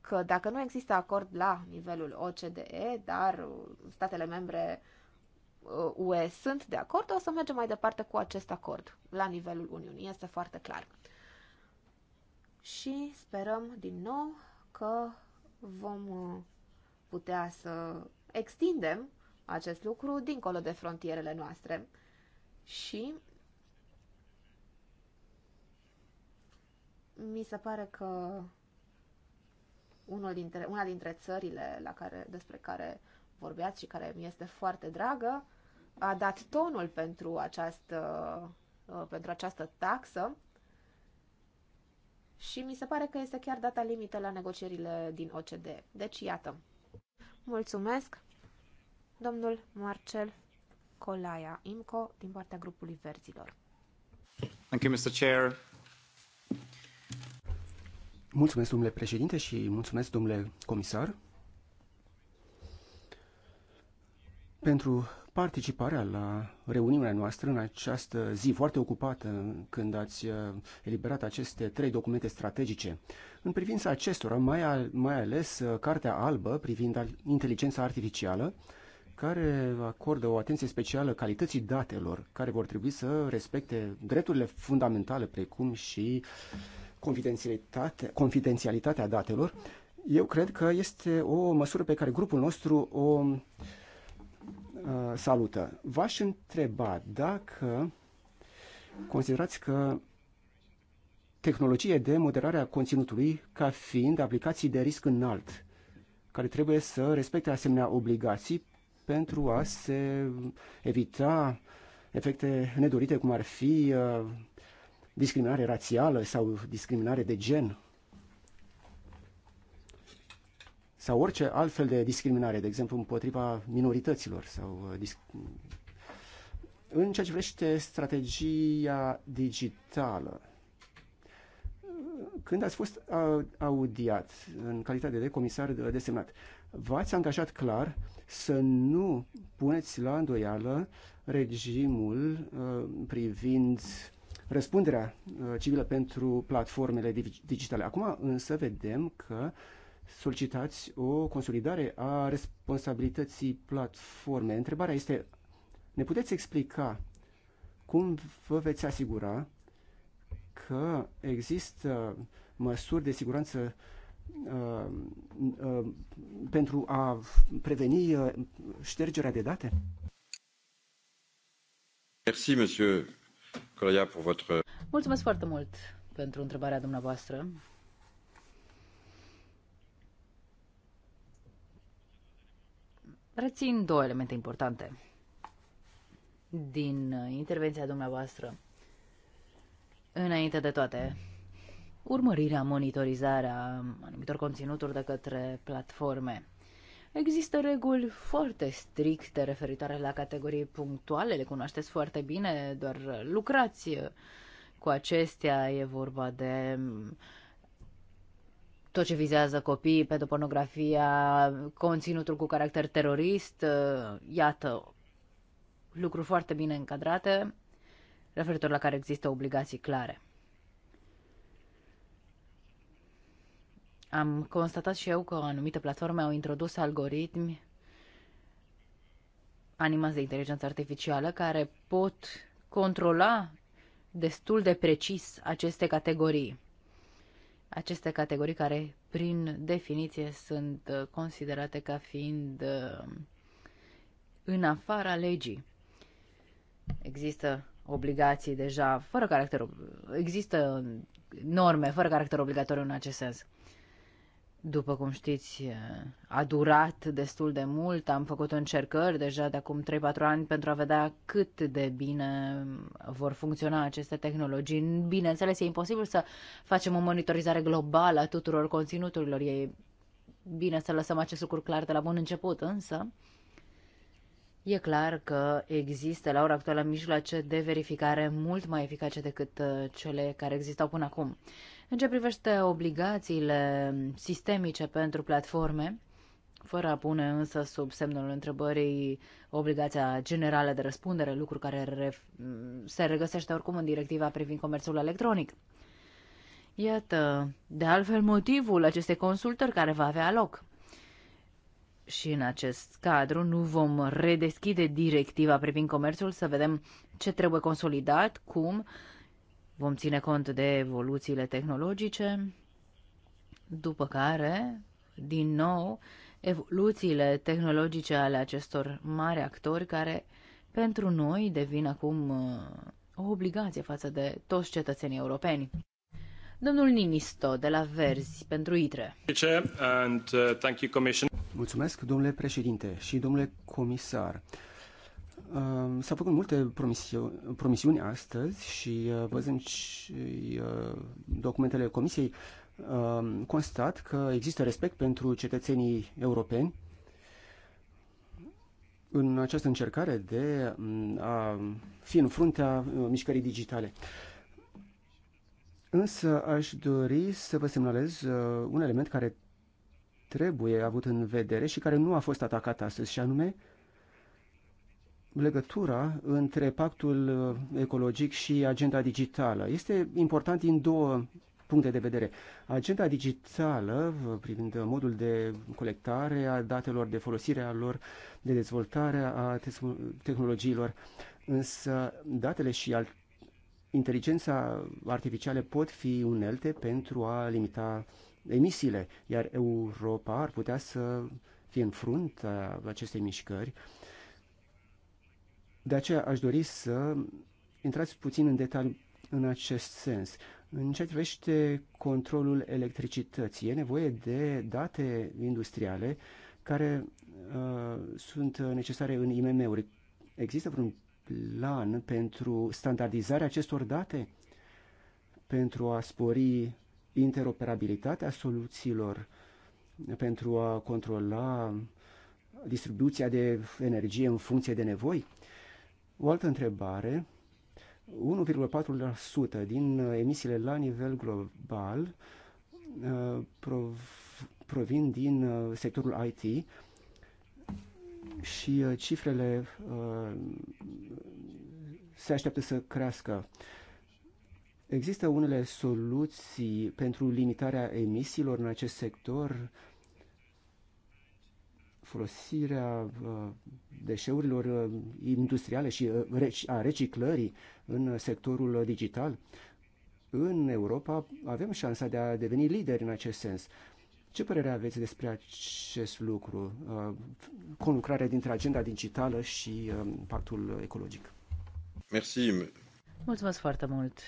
că dacă nu există acord la nivelul OCDE, dar statele membre UE uh, sunt de acord, o să mergem mai departe cu acest acord la nivelul Uniunii. Este foarte clar și sperăm din nou că vom uh, putea să extindem acest lucru dincolo de frontierele noastre și mi se pare că unul dintre, una dintre țările la care, despre care vorbeați și care mi este foarte dragă a dat tonul pentru această, uh, pentru această taxă și mi se pare că este chiar data limită la negocierile din OCDE. Deci, iată. Mulțumesc, domnul Marcel Colaia, IMCO, din partea grupului Verzilor. Thank you, Mr. Chair. Mulțumesc, domnule președinte, și mulțumesc, domnule comisar, pentru participarea la reuniunea noastră în această zi foarte ocupată când ați uh, eliberat aceste trei documente strategice. În privința acestora, mai, al, mai ales uh, Cartea Albă privind inteligența artificială, care acordă o atenție specială calității datelor, care vor trebui să respecte drepturile fundamentale, precum și confidențialitatea, confidențialitatea datelor, eu cred că este o măsură pe care grupul nostru o Uh, salută. V-aș întreba dacă considerați că tehnologie de moderare a conținutului ca fiind aplicații de risc înalt, care trebuie să respecte asemenea obligații pentru a se evita efecte nedorite, cum ar fi uh, discriminare rațială sau discriminare de gen. sau orice altfel de discriminare, de exemplu împotriva minorităților sau uh, în ceea ce vrește strategia digitală. Uh, când ați fost uh, audiat în calitate de comisar desemnat, v-ați angajat clar să nu puneți la îndoială regimul privind răspunderea civilă pentru platformele digitale. Acum însă vedem că solicitați o consolidare a responsabilității platformei. Întrebarea este, ne puteți explica cum vă veți asigura că există măsuri de siguranță uh, uh, pentru a preveni uh, ștergerea de date? Merci, monsieur pour votre... Mulțumesc foarte mult pentru întrebarea dumneavoastră. rețin două elemente importante din uh, intervenția dumneavoastră. Înainte de toate, urmărirea, monitorizarea anumitor conținuturi de către platforme. Există reguli foarte stricte referitoare la categorii punctuale, le cunoașteți foarte bine, doar lucrați cu acestea, e vorba de tot ce vizează copiii, pedopornografia, conținutul cu caracter terorist, uh, iată, lucruri foarte bine încadrate, referitor la care există obligații clare. Am constatat și eu că anumite platforme au introdus algoritmi animați de inteligență artificială care pot controla destul de precis aceste categorii aceste categorii care, prin definiție, sunt uh, considerate ca fiind uh, în afara legii. Există obligații deja fără caracter, există norme fără caracter obligatoriu în acest sens după cum știți, a durat destul de mult. Am făcut încercări deja de acum 3-4 ani pentru a vedea cât de bine vor funcționa aceste tehnologii. Bineînțeles, e imposibil să facem o monitorizare globală a tuturor conținuturilor. E bine să lăsăm acest lucru clar de la bun început, însă e clar că există la ora actuală mijloace de verificare mult mai eficace decât uh, cele care existau până acum. În ce privește obligațiile sistemice pentru platforme, fără a pune însă sub semnul întrebării obligația generală de răspundere, lucru care se regăsește oricum în directiva privind comerțul electronic. Iată, de altfel, motivul acestei consultări care va avea loc. Și în acest cadru nu vom redeschide directiva privind comerțul să vedem ce trebuie consolidat, cum, uh, Vom ține cont de evoluțiile tehnologice, după care, din nou, evoluțiile tehnologice ale acestor mari actori care pentru noi devin acum uh, o obligație față de toți cetățenii europeni. Domnul Ninisto, de la Verzi, pentru ITRE. Uh, Mulțumesc, domnule președinte și domnule comisar. S-au făcut multe promisiuni, promisiuni astăzi și uh, văzând și uh, documentele Comisiei, constat că există respect pentru cetățenii europeni în această încercare de mm, a fi în fruntea uh, mișcării digitale. Însă aș dori să vă semnalez un element care trebuie avut în vedere și care nu a fost atacat astăzi, și anume legătura între pactul uh, ecologic și agenda digitală. Este important din două puncte de vedere. Agenda digitală, uh, privind uh, modul de colectare a datelor, de folosire a lor, de dezvoltare a tehnologiilor, însă datele și al inteligența artificială pot fi unelte pentru a limita emisiile, iar Europa ar putea să fie în a acestei mișcări de aceea aș dori să intrați puțin în detaliu în acest sens. În ce privește controlul electricității, e nevoie de date industriale care uh, sunt necesare în IMM-uri. Există vreun plan pentru standardizarea acestor date? Pentru a spori interoperabilitatea soluțiilor, pentru a controla distribuția de energie în funcție de nevoi? Uh, o altă întrebare, 1,4% din uh, emisiile la nivel global uh, provin din uh, sectorul IT și cifrele se așteaptă să crească. Există unele soluții pentru limitarea emisiilor în acest sector? folosirea uh, deșeurilor uh, industriale și uh, a reciclării în sectorul digital. În Europa avem șansa de a deveni lideri în acest sens. Ce părere aveți despre acest lucru, conlucrarea dintre agenda digitală și pactul ecologic? Merci. Mulțumesc foarte mult,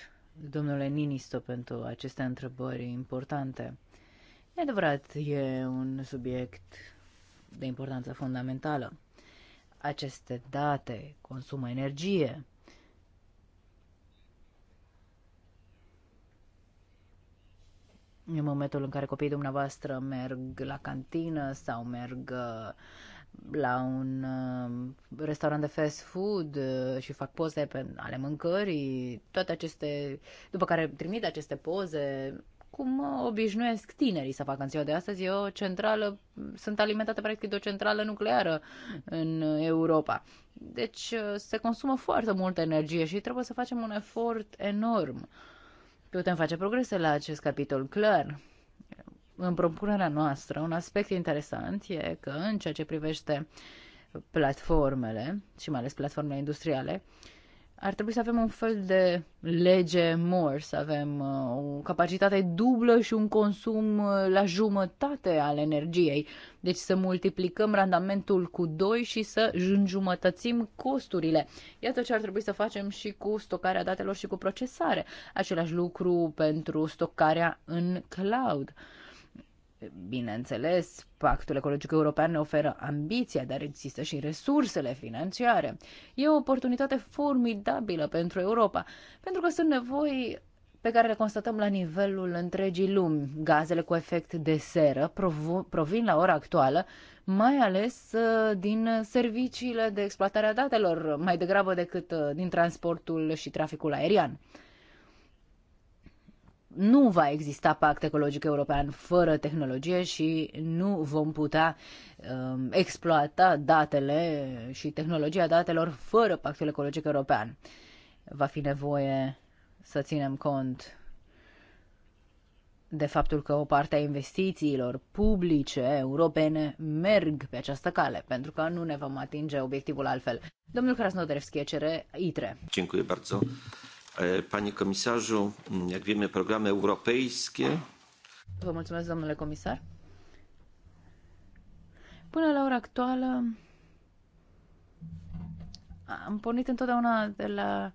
domnule Ninisto, pentru aceste întrebări importante. E adevărat, e un subiect de importanță fundamentală. Aceste date consumă energie. În momentul în care copiii dumneavoastră merg la cantină sau merg uh, la un uh, restaurant de fast food uh, și fac poze pe ale mâncării, toate aceste, după care trimit aceste poze cum obișnuiesc tinerii să facă în ziua de astăzi, e o centrală, sunt alimentate practic de o centrală nucleară în Europa. Deci uh, se consumă foarte multă energie și trebuie să facem un efort enorm. Putem face progrese la acest capitol, clar. În propunerea noastră, un aspect interesant e că în ceea ce privește platformele, și mai ales platformele industriale, uh, ar trebui să avem un fel de lege Moore, să avem uh, o capacitate dublă și un consum uh, la jumătate al energiei. Deci să multiplicăm randamentul cu 2 și să înjumătățim costurile. Iată ce ar trebui să facem și cu stocarea datelor și cu procesare. Același lucru pentru stocarea în cloud. Uh, Bineînțeles, Pactul Ecologic European ne oferă ambiția, dar există și resursele financiare. E o oportunitate formidabilă pentru Europa, pentru că sunt nevoi pe care le constatăm la nivelul întregii lumi. Gazele cu efect de seră provin la ora actuală mai ales uh, din serviciile de exploatare a datelor, mai degrabă decât uh, din transportul și traficul aerian nu va exista pact ecologic european fără tehnologie și nu vom putea um, exploata datele și tehnologia datelor fără pactul ecologic european. Va fi nevoie să ținem cont de faptul că o parte a investițiilor publice europene merg pe această cale, pentru că nu ne vom atinge obiectivul altfel. Domnul Krasnodrevski, cere ITRE. Dziękuję bardzo. Panie komisarzu, jak wiemy, programy europejskie. Vă mulțumesc, domnule comisar. Până la ora actuală, am pornit întotdeauna de la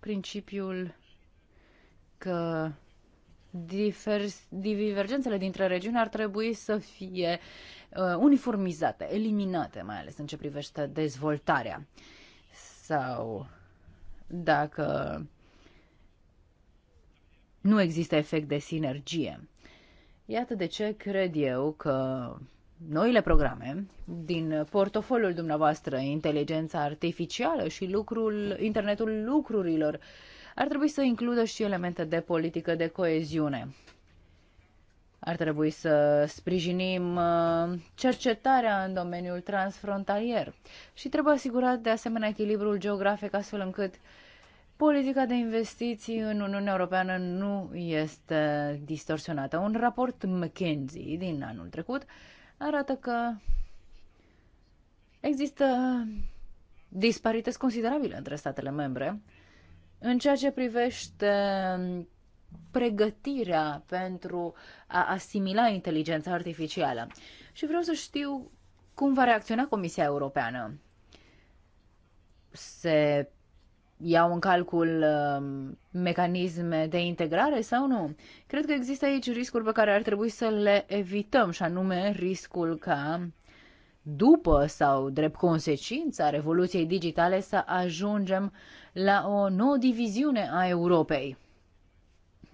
principiul că divergențele dintre regiuni ar trebui să fie uh, uniformizate, eliminate, mai ales în ce privește dezvoltarea. Sau dacă nu există efect de sinergie. Iată de ce cred eu că noile programe din portofoliul dumneavoastră, inteligența artificială și lucrul, internetul lucrurilor, ar trebui să includă și elemente de politică de coeziune. Ar trebui să sprijinim uh, cercetarea în domeniul transfrontalier și trebuie asigurat de asemenea echilibrul geografic astfel încât uh, politica de investiții în Uniunea Europeană nu este distorsionată. Un raport McKinsey din anul trecut arată că există disparități considerabile între statele membre în ceea ce privește pregătirea pentru a asimila inteligența artificială. Și vreau să știu cum va reacționa Comisia Europeană. Se iau în calcul um, mecanisme de integrare sau nu? Cred că există aici riscuri pe care ar trebui să le evităm, și anume riscul ca după sau drept consecința revoluției digitale să ajungem la o nouă diviziune a Europei.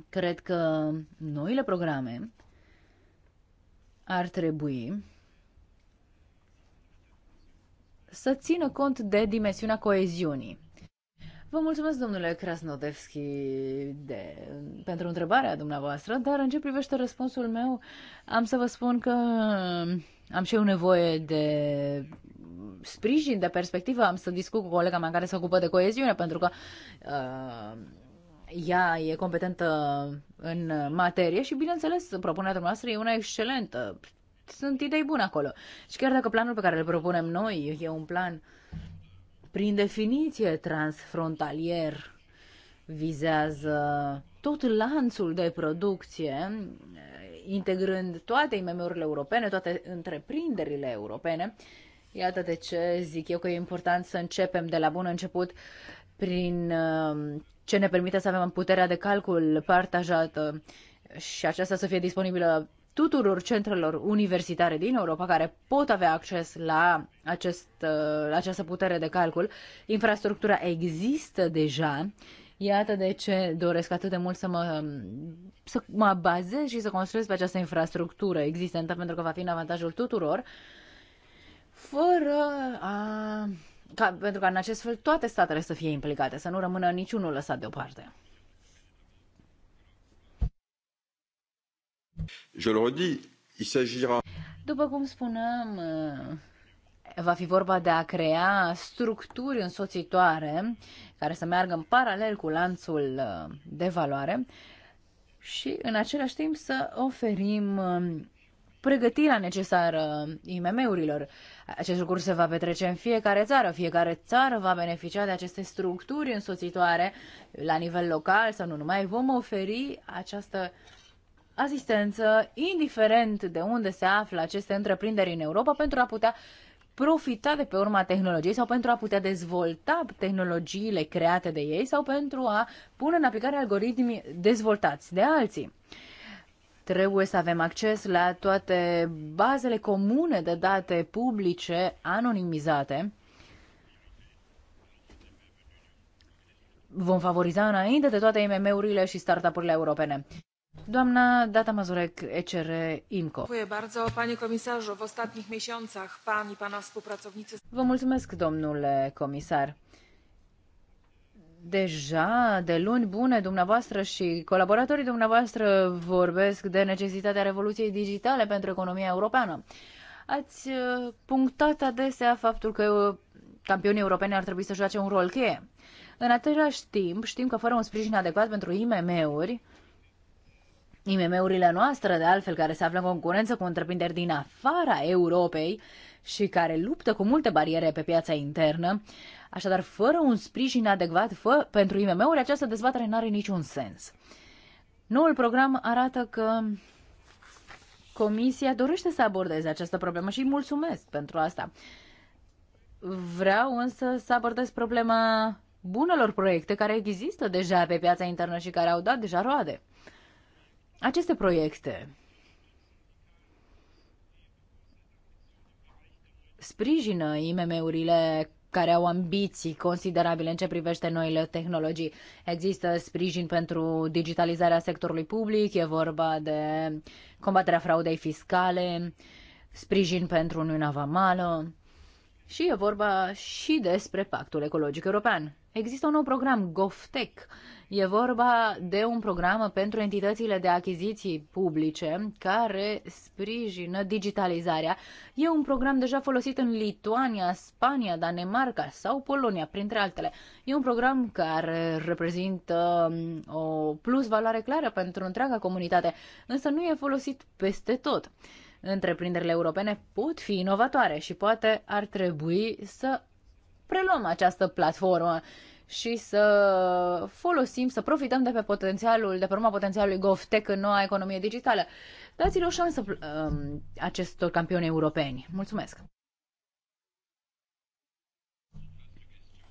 Cred că noile programe ar trebui să țină cont de dimensiunea coeziunii. Vă mulțumesc, domnule Krasnodevski, de, pentru întrebarea dumneavoastră, dar în ce privește răspunsul meu, am să vă spun că um, am și eu nevoie de sprijin, de perspectivă. Am să discut cu colega mea care se ocupă de coeziune, pentru că uh, ea e competentă în materie și, bineînțeles, propunerea dumneavoastră e una excelentă. Sunt idei bune acolo. Și chiar dacă planul pe care îl propunem noi e un plan uh, prin definiție transfrontalier, vizează tot lanțul de producție, integrând toate IMM-urile europene, toate întreprinderile europene. Iată de ce zic eu că e important să începem de la bun început prin um, ce ne permite să avem puterea de calcul partajată și aceasta să fie disponibilă tuturor centrelor universitare din Europa care pot avea acces la, acest, uh, la această putere de calcul. Infrastructura există deja. Iată de ce doresc atât de mult să mă, să mă bazez și să construiesc pe această infrastructură existentă, pentru că va fi în avantajul tuturor, fără a, ca, pentru că în acest fel toate statele să fie implicate, să nu rămână niciunul lăsat deoparte. Je le redis, il s'agira... După cum spuneam, eh, va fi vorba de a crea structuri însoțitoare care să meargă în paralel cu lanțul eh, de valoare și în același timp să oferim eh, pregătirea necesară IMM-urilor. Acest lucru se va petrece în fiecare țară. Fiecare țară va beneficia de aceste structuri însoțitoare la nivel local sau nu numai. Vom oferi această asistență, indiferent de unde se află aceste întreprinderi în Europa, pentru a putea profita de pe urma tehnologiei sau pentru a putea dezvolta tehnologiile create de ei sau pentru a pune în aplicare algoritmi dezvoltați de alții. Trebuie să avem acces la toate bazele comune de date publice anonimizate. Vom favoriza înainte de toate IMM-urile și startup-urile europene. Doamna Data Mazurek, ECR IMCO. Vă mulțumesc, domnule comisar. Deja de luni bune dumneavoastră și colaboratorii dumneavoastră vorbesc de necesitatea revoluției digitale pentru economia europeană. Ați uh, punctat adesea faptul că uh, campionii europeni ar trebui să joace un rol cheie. În același timp, știm că fără un sprijin adecvat pentru IMM-uri, IMM-urile noastre, de altfel, care se află în concurență cu întreprinderi din afara Europei și care luptă cu multe bariere pe piața internă, așadar, fără un sprijin adecvat fă, pentru IMM-uri, această dezbatere nu are niciun sens. Noul program arată că Comisia dorește să abordeze această problemă și îi mulțumesc pentru asta. Vreau însă să abordez problema bunelor proiecte care există deja pe piața internă și care au dat deja roade. Aceste proiecte sprijină IMM-urile care au ambiții considerabile în ce privește noile tehnologii. Există sprijin pentru digitalizarea sectorului public, e vorba de combaterea fraudei fiscale, sprijin pentru Uniunea Vamală și e vorba și despre Pactul Ecologic European. Există un nou program, GovTech, E vorba de un program pentru entitățile de achiziții publice care sprijină digitalizarea. E un program deja folosit în Lituania, Spania, Danemarca sau Polonia, printre altele. E un program care reprezintă um, o plus valoare clară pentru întreaga comunitate, însă nu e folosit peste tot. Întreprinderile europene pot fi inovatoare și poate ar trebui să preluăm această platformă și să folosim, să profităm de pe potențialul, de pe urma potențialului GovTech în noua economie digitală. Dați-le o șansă um, acestor campioni europeni. Mulțumesc!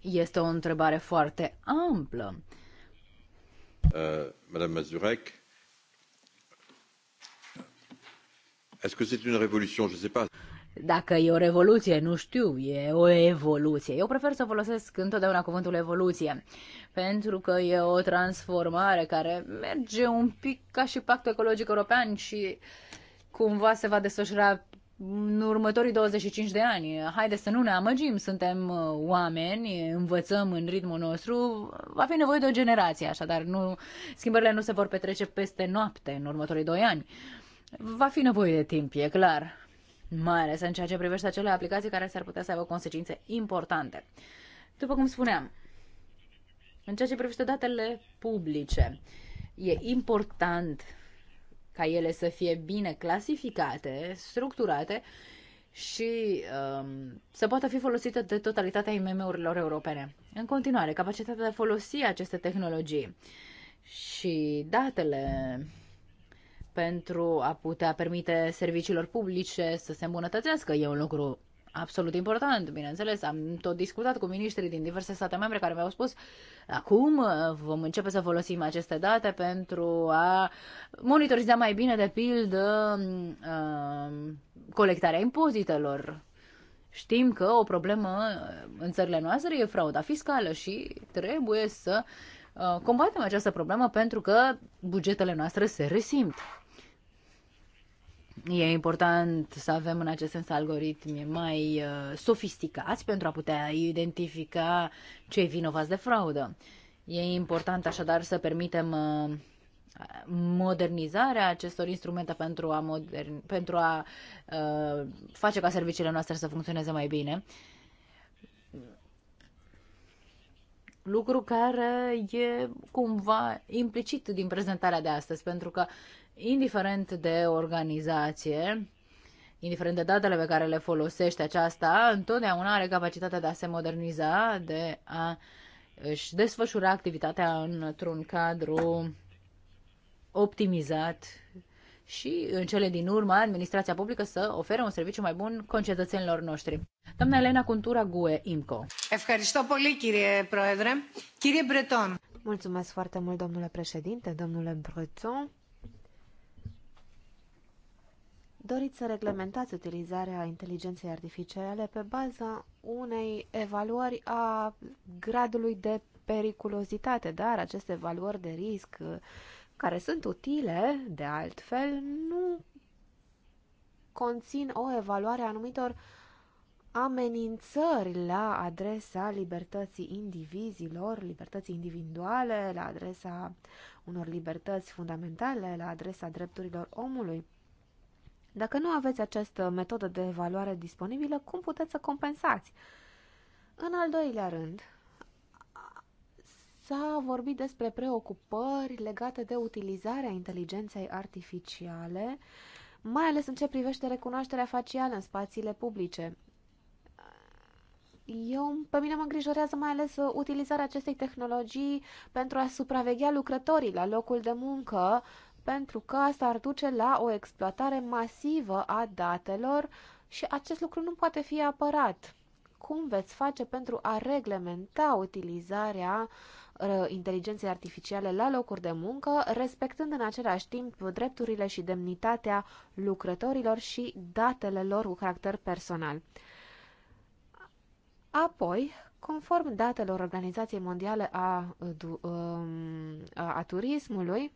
Este o întrebare foarte amplă. Uh, Madame Mazurek, est-ce que c'est une révolution? Je sais pas. Dacă e o revoluție, nu știu, e o evoluție. Eu prefer să folosesc întotdeauna cuvântul evoluție, pentru că e o transformare care merge un pic ca și pactul ecologic european și cumva se va desfășura în următorii 25 de ani. Haide să nu ne amăgim, suntem oameni, învățăm în ritmul nostru, va fi nevoie de o generație, așadar nu, schimbările nu se vor petrece peste noapte în următorii 2 ani. Va fi nevoie de timp, e clar mai ales în ceea ce privește acele aplicații care s-ar putea să aibă consecințe importante. După cum spuneam, în ceea ce privește datele publice, e important ca ele să fie bine clasificate, structurate și um, să poată fi folosite de totalitatea IMM-urilor europene. În continuare, capacitatea de a folosi aceste tehnologii și datele pentru a putea permite serviciilor publice să se îmbunătățească. E un lucru absolut important, bineînțeles. Am tot discutat cu miniștrii din diverse state membre care mi-au spus acum uh, vom începe să folosim aceste date pentru a monitoriza mai bine, de pildă, mm, uh, colectarea impozitelor. Știm că o problemă uh, în țările noastre e frauda fiscală și trebuie să combatem această problemă pentru că bugetele noastre se resimt. E important să avem în acest sens algoritmi mai uh, sofisticați pentru a putea identifica cei vinovați de fraudă. E important așadar să permitem uh, modernizarea acestor instrumente pentru a, modern, pentru a uh, face ca serviciile noastre să funcționeze mai bine. Lucru care e cumva implicit din prezentarea de astăzi, pentru că uh, indiferent de organizație, indiferent de datele pe care le folosește aceasta, întotdeauna are capacitatea de a se moderniza, de a își desfășura activitatea într-un cadru optimizat și, în cele din urmă, administrația publică să ofere un serviciu mai bun concetățenilor noștri. Doamna Elena Cuntura Gue, IMCO. Breton. Mulțumesc foarte mult, domnule președinte, domnule Breton doriți să reglementați utilizarea inteligenței artificiale pe baza unei evaluări a gradului de periculozitate, dar aceste evaluări de risc uh, care sunt utile, de altfel, nu conțin o evaluare a anumitor amenințări la adresa libertății indivizilor, libertății individuale, la adresa unor libertăți fundamentale, la adresa drepturilor omului. Dacă nu aveți această metodă de evaluare disponibilă, cum puteți să compensați? În al doilea rând, s-a vorbit despre preocupări legate de utilizarea inteligenței artificiale, mai ales în ce privește recunoașterea facială în spațiile publice. Eu, pe mine mă îngrijorează mai ales utilizarea acestei tehnologii pentru a supraveghea lucrătorii la locul de muncă, pentru că asta ar duce la o exploatare masivă a datelor și acest lucru nu poate fi apărat. Cum veți face pentru a reglementa utilizarea uh, inteligenței artificiale la locuri de muncă, respectând în același timp drepturile și demnitatea lucrătorilor și datele lor cu caracter personal? Apoi, conform datelor Organizației Mondiale a, uh, um, a, a Turismului,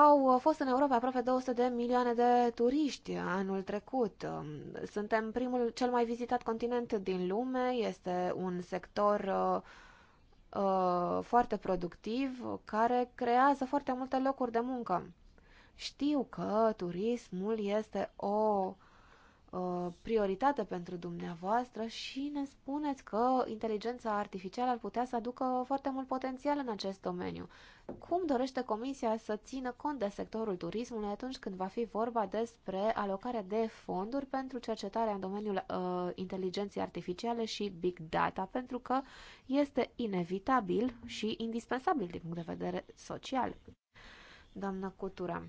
Au uh, fost în Europa aproape 200 de milioane de turiști anul trecut. Um, suntem primul, cel mai vizitat continent din lume, este un sector uh, uh, foarte productiv care creează foarte multe locuri de muncă. Știu că turismul este o Uh, prioritate pentru dumneavoastră și ne spuneți că inteligența artificială ar putea să aducă foarte mult potențial în acest domeniu. Cum dorește Comisia să țină cont de sectorul turismului atunci când va fi vorba despre alocarea de fonduri pentru cercetarea în domeniul uh, inteligenței artificiale și big data, pentru că este inevitabil și indispensabil din punct de vedere social? Doamnă Cutura,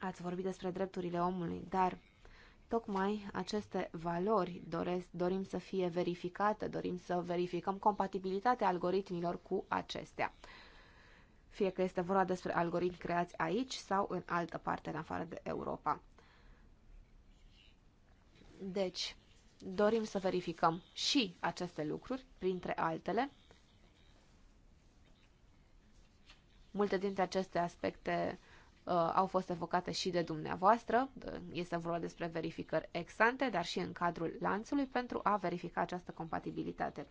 ați vorbit despre drepturile omului, dar Tocmai aceste valori doresc, dorim să fie verificate, dorim să verificăm compatibilitatea algoritmilor cu acestea. Fie că este vorba despre algoritmi creați aici sau în altă parte, în afară de Europa. Deci, dorim să verificăm și aceste lucruri, printre altele. Multe dintre aceste aspecte Uh, au fost evocate și de dumneavoastră. Uh, este vorba despre verificări exante, dar și în cadrul lanțului pentru a verifica această compatibilitate.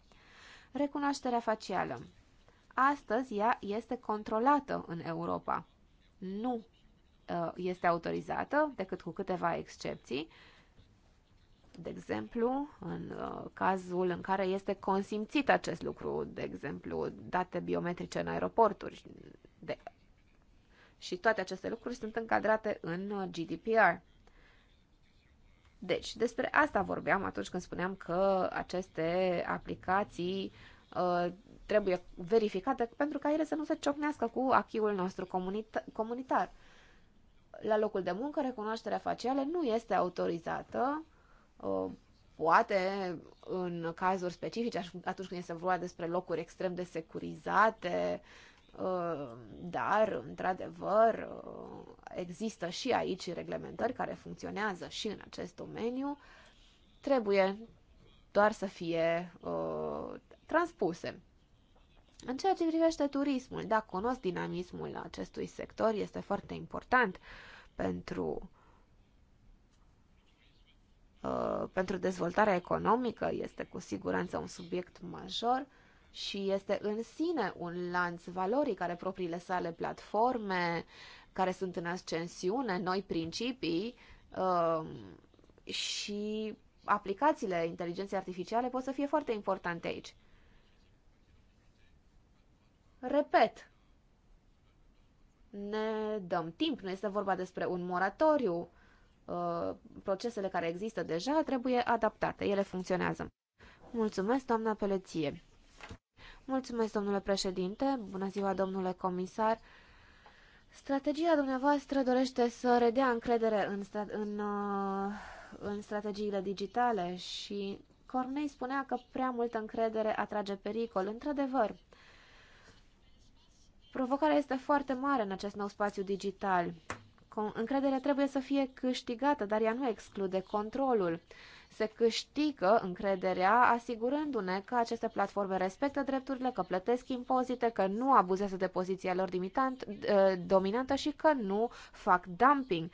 Recunoașterea facială. Astăzi ea este controlată în Europa. Nu uh, este autorizată, decât cu câteva excepții, de exemplu, în cazul în care este consimțit acest lucru, de exemplu, date biometrice în aeroporturi, de și toate aceste lucruri sunt încadrate în uh, GDPR. Deci, despre asta vorbeam atunci când spuneam că aceste aplicații uh, trebuie verificate pentru ca ele să nu se ciocnească cu achiul nostru comunita- comunitar. La locul de muncă, recunoașterea facială nu este autorizată, uh, poate în cazuri specifice, atunci când este vorba despre locuri extrem de securizate, uh, Uh, dar, într-adevăr, uh, există și aici reglementări care funcționează și în acest domeniu, trebuie doar să fie uh, transpuse. În ceea ce privește turismul, da, cunosc dinamismul acestui sector, este foarte important pentru, uh, pentru dezvoltarea economică, este cu siguranță un subiect major și este în sine un lanț valorii care propriile sale platforme, care sunt în ascensiune, noi principii uh, și aplicațiile inteligenței artificiale pot să fie foarte importante aici. Repet, ne dăm timp, nu este vorba despre un moratoriu. Uh, procesele care există deja trebuie adaptate, ele funcționează. Mulțumesc, doamna Peleție. Mulțumesc, domnule președinte. Bună ziua, domnule comisar. Strategia dumneavoastră dorește să redea încredere în, stra- în, uh, în strategiile digitale și Cornei spunea că prea multă încredere atrage pericol. Într-adevăr, provocarea este foarte mare în acest nou spațiu digital. Încrederea trebuie să fie câștigată, dar ea nu exclude controlul se câștigă încrederea asigurându-ne că aceste platforme respectă drepturile, că plătesc impozite, că nu abuzează de poziția lor ă, dominantă și că nu fac dumping.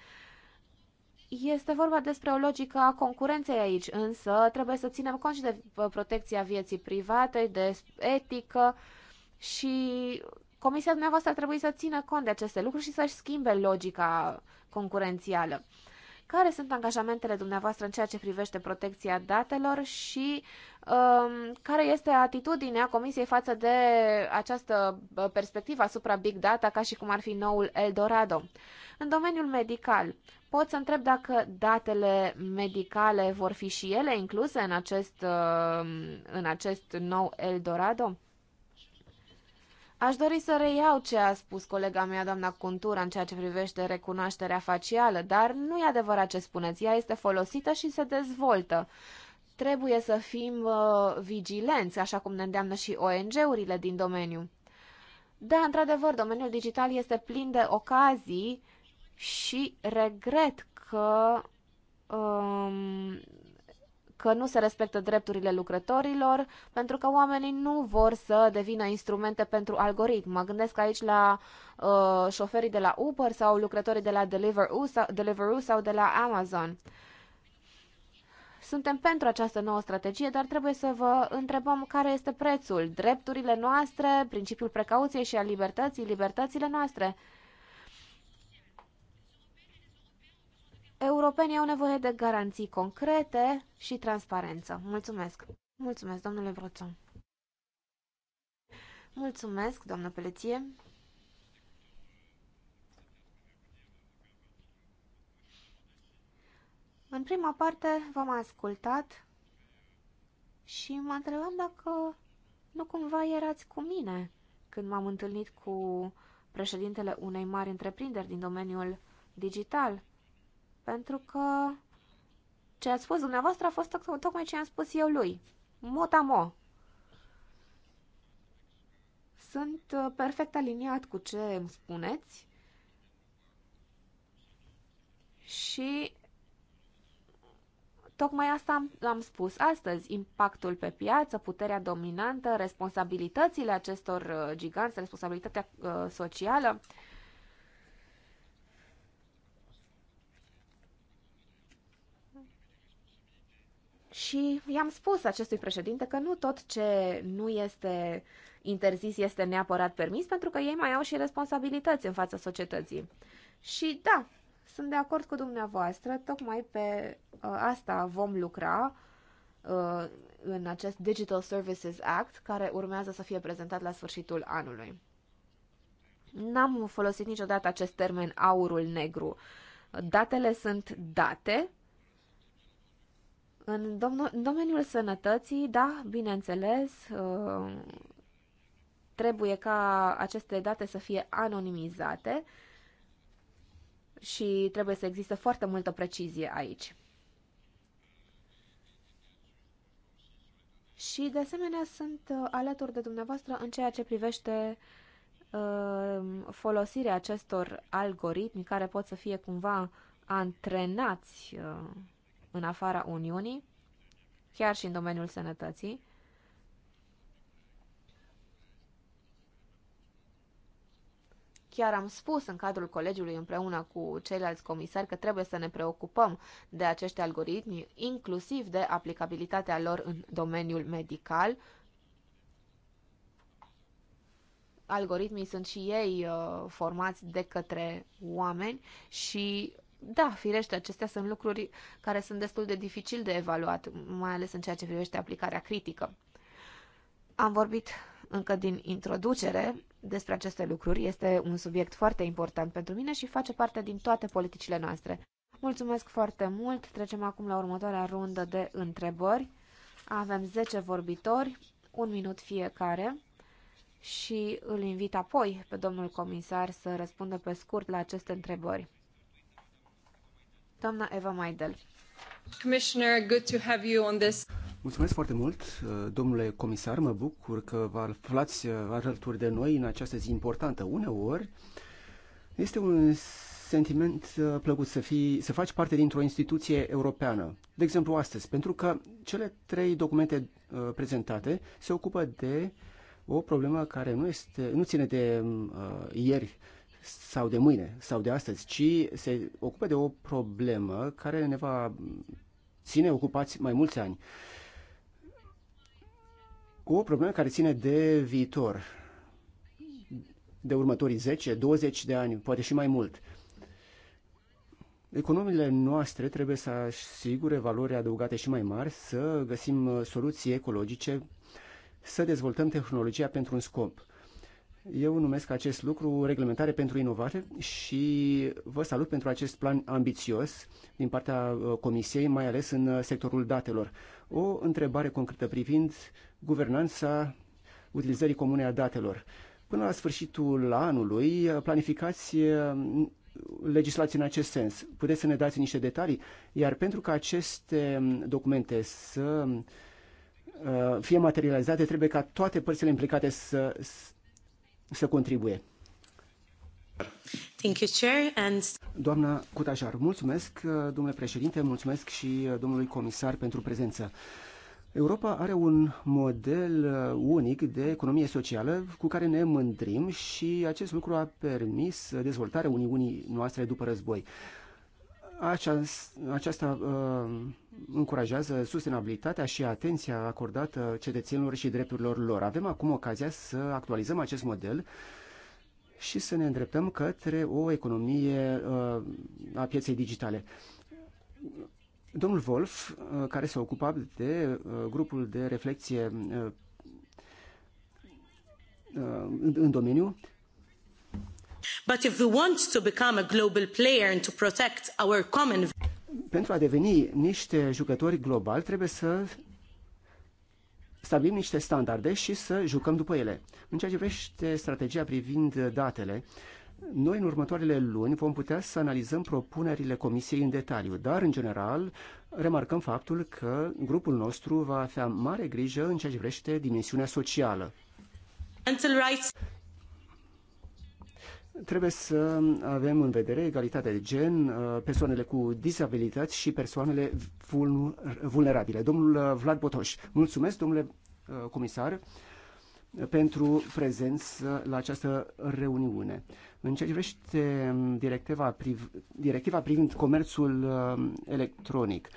Este vorba despre o logică a concurenței aici, însă trebuie să ținem cont și de ă, protecția vieții private, de etică și comisia dumneavoastră trebuie să țină cont de aceste lucruri și să-și schimbe logica concurențială. Care sunt angajamentele dumneavoastră în ceea ce privește protecția datelor și um, care este atitudinea Comisiei față de această uh, perspectivă asupra Big Data, ca și cum ar fi noul Eldorado? În domeniul medical, pot să întreb dacă datele medicale vor fi și ele incluse în acest, uh, în acest nou Eldorado? Aș dori să reiau ce a spus colega mea, doamna Contura, în ceea ce privește recunoașterea facială, dar nu e adevărat ce spuneți. Ea este folosită și se dezvoltă. Trebuie să fim uh, vigilenți, așa cum ne îndeamnă și ONG-urile din domeniu. Da, într-adevăr, domeniul digital este plin de ocazii și regret că um, că nu se respectă drepturile lucrătorilor, pentru că oamenii nu vor să devină instrumente pentru algoritm. Mă gândesc aici la uh, șoferii de la Uber sau lucrătorii de la Deliveroo sau, Deliveroo sau de la Amazon. Suntem pentru această nouă strategie, dar trebuie să vă întrebăm care este prețul, drepturile noastre, principiul precauției și a libertății, libertățile noastre. Europenii au nevoie de garanții concrete și transparență. Mulțumesc! Mulțumesc, domnule Vroțon! Mulțumesc, doamnă Peleție! În prima parte v-am ascultat și mă întrebam dacă nu cumva erați cu mine când m-am întâlnit cu președintele unei mari întreprinderi din domeniul digital. Pentru că ce a spus dumneavoastră a fost tocmai ce am spus eu lui. Motamo. Sunt uh, perfect aliniat cu ce îmi spuneți și tocmai asta am, am spus astăzi. Impactul pe piață, puterea dominantă, responsabilitățile acestor uh, giganți, responsabilitatea uh, socială. Uh, Și i-am spus acestui președinte că nu tot ce nu este interzis este neapărat permis, pentru că ei mai au și responsabilități în fața societății. Și da, sunt de acord cu dumneavoastră, tocmai pe uh, asta vom lucra uh, în acest Digital Services Act, care urmează să fie prezentat la sfârșitul anului. N-am folosit niciodată acest termen aurul negru. Datele sunt date, în, domeniul sănătății, da, bineînțeles, uh, trebuie ca aceste date să fie anonimizate și trebuie să existe foarte multă precizie aici. Și, de asemenea, sunt uh, alături de dumneavoastră în ceea ce privește uh, folosirea acestor algoritmi care pot să fie cumva antrenați în afara Uniunii, chiar și în domeniul sănătății. Chiar am spus în cadrul colegiului împreună cu ceilalți comisari că trebuie să ne preocupăm de acești algoritmi, inclusiv de aplicabilitatea lor în domeniul medical. Algoritmii sunt și ei uh, formați de către oameni și da, firește, acestea sunt lucruri care sunt destul de dificil de evaluat, mai ales în ceea ce privește aplicarea critică. Am vorbit încă din introducere despre aceste lucruri. Este un subiect foarte important pentru mine și face parte din toate politicile noastre. Mulțumesc foarte mult. Trecem acum la următoarea rundă de întrebări. Avem 10 vorbitori, un minut fiecare și îl invit apoi pe domnul comisar să răspundă pe scurt la aceste întrebări. Doamna Eva Maidel. Commissioner, good to have you on this. Mulțumesc foarte mult, domnule comisar, mă bucur că vă aflați alături de noi în această zi importantă. Uneori este un sentiment uh, plăcut să, fii, să faci parte dintr-o instituție europeană. De exemplu, astăzi, pentru că cele trei documente uh, prezentate se ocupă de o problemă care nu, este, nu ține de uh, ieri sau de mâine sau de astăzi, ci se ocupă de o problemă care ne va ține ocupați mai mulți ani. O problemă care ține de viitor, de următorii 10, 20 de ani, poate și mai mult. Economiile noastre trebuie să asigure valori adăugate și mai mari, să găsim soluții ecologice, să dezvoltăm tehnologia pentru un scop. Eu numesc acest lucru reglementare pentru inovare și vă salut pentru acest plan ambițios din partea uh, Comisiei, mai ales în uh, sectorul datelor. O întrebare concretă privind guvernanța utilizării comune a datelor. Până la sfârșitul anului uh, planificați legislație în acest sens. Puteți să ne dați niște detalii? Iar pentru ca aceste um, documente să fie materializate, trebuie ca toate părțile implicate să, să contribuie. Thank you, Chair. And... Doamna Cutajar, mulțumesc, domnule președinte, mulțumesc și domnului comisar pentru prezență. Europa are un model uh, unic de economie socială cu care ne mândrim și acest lucru a permis dezvoltarea Uniunii noastre după război. Aceasta uh, încurajează sustenabilitatea și atenția acordată cetățenilor și drepturilor lor. Avem acum ocazia să actualizăm acest model și să ne îndreptăm către o economie uh, a pieței digitale. Domnul Wolf, uh, care s-a ocupat de uh, grupul de reflexie uh, uh în domeniu, But if we want to become a global player and to protect our common pentru a deveni niște jucători globali, trebuie să stabilim niște standarde și să jucăm după ele. În ceea ce privește strategia privind datele, noi în următoarele luni vom putea să analizăm propunerile Comisiei în detaliu, dar în general remarcăm faptul că grupul nostru va avea mare grijă în ceea ce privește dimensiunea socială. Trebuie să avem în vedere egalitatea de gen, uh, persoanele cu disabilități și persoanele vulnerabile. Domnul uh, Vlad Botoș, mulțumesc, domnule uh, comisar, pentru prezență la această reuniune. În ceea ce privește um, directiva, priv, directiva privind comerțul electronic,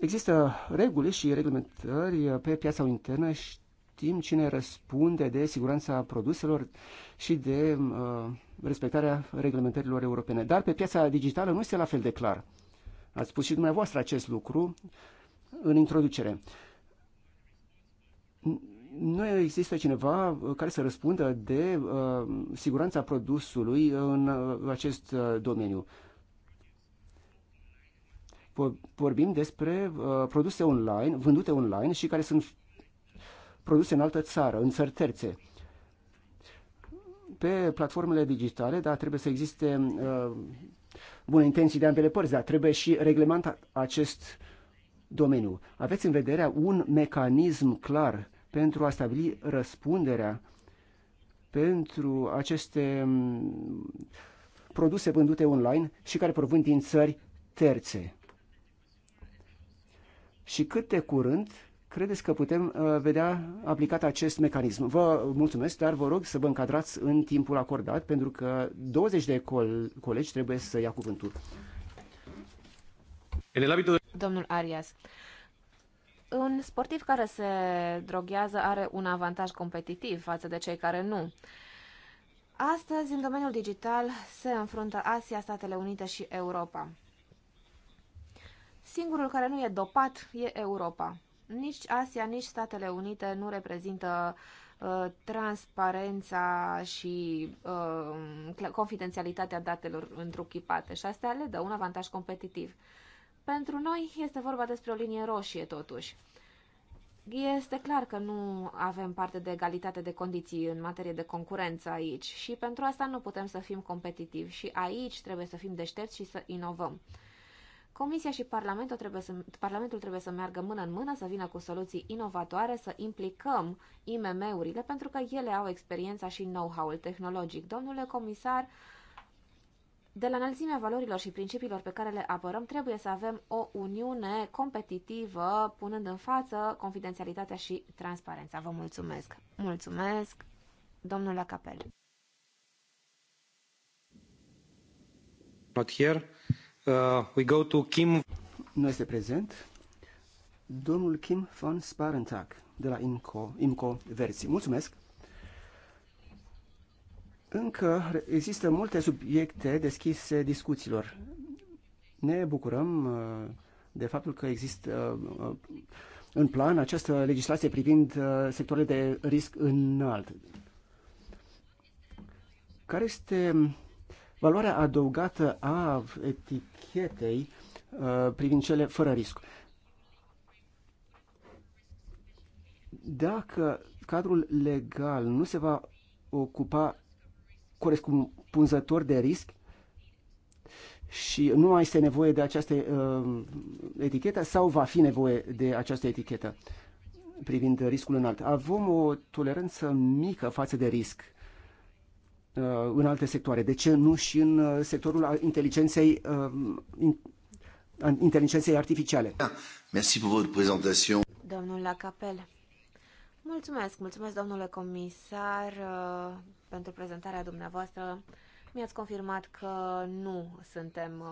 există reguli și reglementări pe piața internă și știm cine răspunde de siguranța produselor și de uh, respectarea reglementărilor europene. Dar pe piața digitală nu este la fel de clar. Ați spus și dumneavoastră acest lucru în introducere. Nu există cineva uh, care să răspundă de uh, siguranța produsului în uh, acest uh, domeniu vorbim despre uh, produse online, vândute online și care sunt produse în altă țară, în țări terțe. Pe platformele digitale, da, trebuie să existe uh, bune intenții de ambele părți, dar trebuie și reglementat acest domeniu. Aveți în vedere un mecanism clar pentru a stabili răspunderea pentru aceste um, produse vândute online și care provin din țări terțe. Și cât de curând credeți că putem uh, vedea aplicat acest mecanism? Vă mulțumesc, dar vă rog să vă încadrați în timpul acordat, pentru că 20 de colegi trebuie să ia cuvântul. Domnul Arias, un sportiv care se droghează are un avantaj competitiv față de cei care nu. Astăzi, în domeniul digital, se înfruntă Asia, Statele Unite și Europa. Singurul care nu e dopat e Europa. Nici Asia, nici Statele Unite nu reprezintă uh, transparența și uh, confidențialitatea datelor întruchipate și astea le dă un avantaj competitiv. Pentru noi este vorba despre o linie roșie totuși. Este clar că nu avem parte de egalitate de condiții în materie de concurență aici și pentru asta nu putem să fim competitivi și aici trebuie să fim deștepți și să inovăm. Comisia și Parlamentul trebuie, să, Parlamentul trebuie să meargă mână în mână, să vină cu soluții inovatoare, să implicăm IMM-urile, pentru că ele au experiența și know-how-ul tehnologic. Domnule comisar, de la înălțimea valorilor și principiilor pe care le apărăm, trebuie să avem o uniune competitivă, punând în față confidențialitatea și transparența. Vă mulțumesc! Mulțumesc, domnule Capel. Not here. Uh, we go to Kim. Nu este prezent. Domnul Kim von Sparentag de la IMCO, IMCO Verzi. Mulțumesc! Încă există multe subiecte deschise discuțiilor. Ne bucurăm uh, de faptul că există uh, uh, în plan această legislație privind sectoarele de risc înalt. Care este valoarea adăugată a etichetei uh, privind cele fără risc. Dacă cadrul legal nu se va ocupa corespunzător de risc și nu mai este nevoie de această uh, etichetă sau va fi nevoie de această etichetă privind riscul înalt. Avem o toleranță mică față de risc Uh, în alte sectoare. De ce nu și în uh, sectorul inteligenței, uh, inteligenței artificiale? Merci pour votre présentation. Domnul Capel. Mulțumesc, mulțumesc domnule comisar pentru prezentarea dumneavoastră. Mi-ați confirmat că nu suntem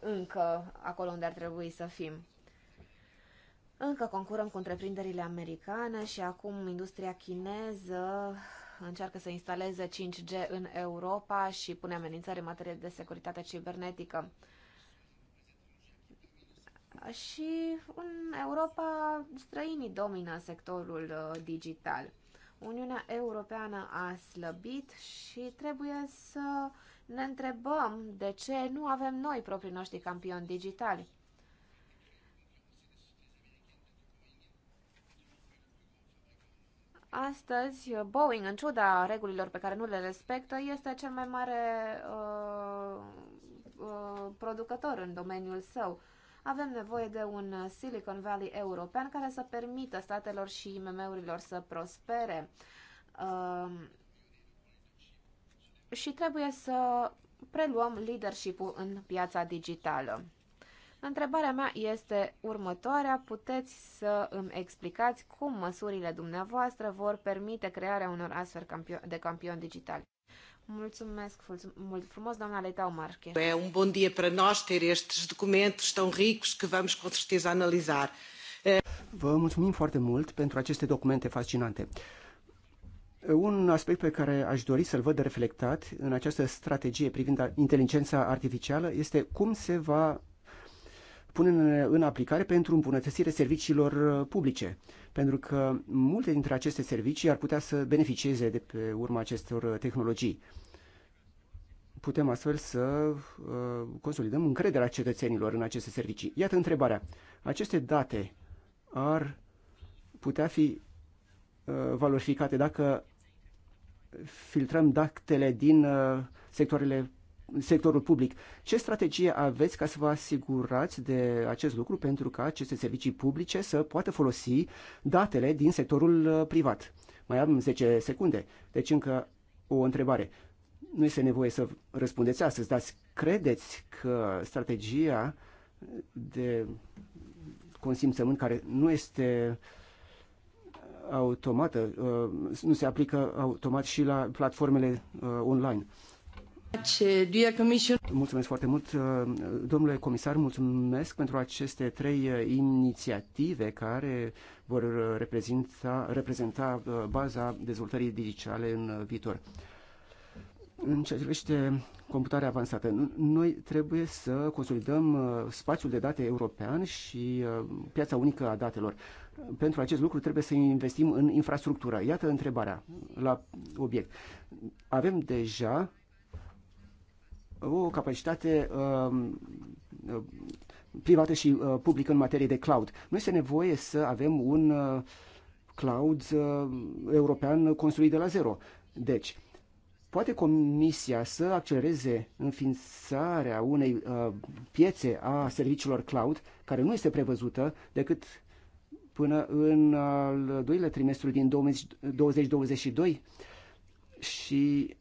încă acolo unde ar trebui să fim. Încă concurăm cu întreprinderile americane și acum industria chineză încearcă să instaleze 5G în Europa și pune amenințări în materie de securitate cibernetică. Și în Europa, străinii domină sectorul uh, digital. Uniunea Europeană a slăbit și trebuie să ne întrebăm de ce nu avem noi proprii noștri campioni digitali. Astăzi, uh, Boeing, în ciuda regulilor pe care nu le respectă, este cel mai mare uh, uh, producător în domeniul său. Avem nevoie de un Silicon Valley european care să permită statelor și IMM-urilor să prospere. Uh, și trebuie să preluăm leadership-ul în piața digitală. Întrebarea mea este următoarea. Puteți să îmi explicați cum măsurile dumneavoastră vor permite crearea unor astfel de campioni digitali? Mulțumesc mult frumos, doamna Leitau Marche. E un bun dia para nós ter estes documentos tão ricos que vamos com certeza analisar. Vă mulțumim foarte mult pentru aceste documente fascinante. Un aspect pe care aș dori să-l văd reflectat în această strategie privind inteligența artificială este cum se va punere în aplicare pentru îmbunătățirea serviciilor uh, publice, pentru că multe dintre aceste servicii ar putea să beneficieze de pe urma acestor uh, tehnologii. Putem astfel să uh, consolidăm încrederea cetățenilor în aceste servicii. Iată întrebarea. Aceste date ar putea fi valorificate dacă filtrăm datele din sectoarele sectorul public. Ce strategie aveți ca să vă asigurați de acest lucru pentru ca aceste servicii publice să poată folosi datele din sectorul uh, privat? Mai am 10 secunde, deci încă o întrebare. Nu este nevoie să răspundeți astăzi, dar credeți că strategia de consimțământ care nu este automată, uh, nu se aplică automat și la platformele uh, online? Mulțumesc foarte mult, uh, domnule comisar, mulțumesc pentru aceste trei uh, inițiative care vor uh, reprezenta, reprezenta baza dezvoltării digitale în viitor. În ceea ce privește computarea avansată, noi trebuie să consolidăm spațiul de date european și piața unică a datelor. Pentru acest lucru trebuie să investim în infrastructură. Iată întrebarea la obiect. Avem deja o capacitate um, uh, privată și uh, publică în materie de cloud. Nu este nevoie să avem un uh, cloud european construit de la zero. Deci, poate Comisia să accelereze înființarea unei uh, piețe a serviciilor cloud, care nu este prevăzută decât până în al doilea trimestru din 2022 și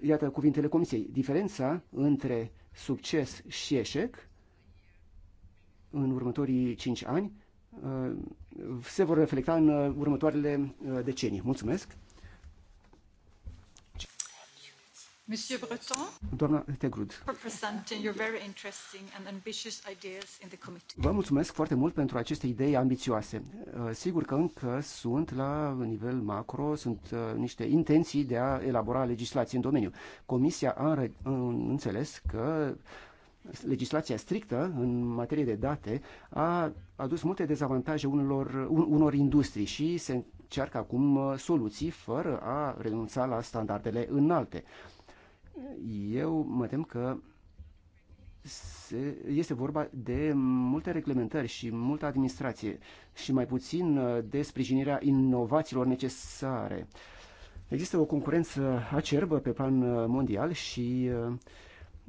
Iată cuvintele Comisiei. Diferența între succes și eșec în următorii 5 ani uh, se vor reflecta în uh, următoarele uh, decenii. Mulțumesc! Monsieur Breton, Doamna Tegrud, vă mulțumesc foarte mult pentru aceste idei ambițioase. Uh, sigur că încă sunt la nivel macro, sunt uh, niște intenții de a elabora legislație în domeniu. Comisia a înțeles că legislația strictă în materie de date a adus multe dezavantaje unor, unor industrii și se încearcă acum uh, soluții fără a renunța la standardele înalte eu mă tem că se, este vorba de multe reglementări și multă administrație și mai puțin uh, de sprijinirea inovațiilor necesare. Există o concurență acerbă pe plan uh, mondial și uh,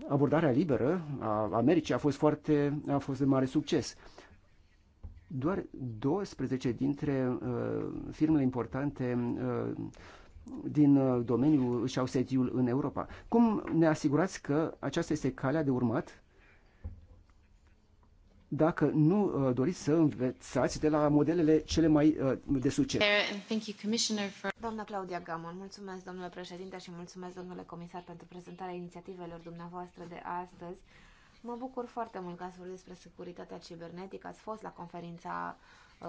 abordarea liberă a Americii a fost, foarte, a fost de mare succes. Doar 12 dintre uh, firmele importante uh, din uh, domeniul și au sediul în Europa. Cum ne asigurați că aceasta este calea de urmat dacă nu uh, doriți să învețați de la modelele cele mai uh, de succes. Doamna Claudia Gamon, mulțumesc domnule președinte și mulțumesc domnule comisar pentru prezentarea inițiativelor dumneavoastră de astăzi. Mă bucur foarte mult că ați vorbit despre securitatea cibernetică. Ați fost la conferința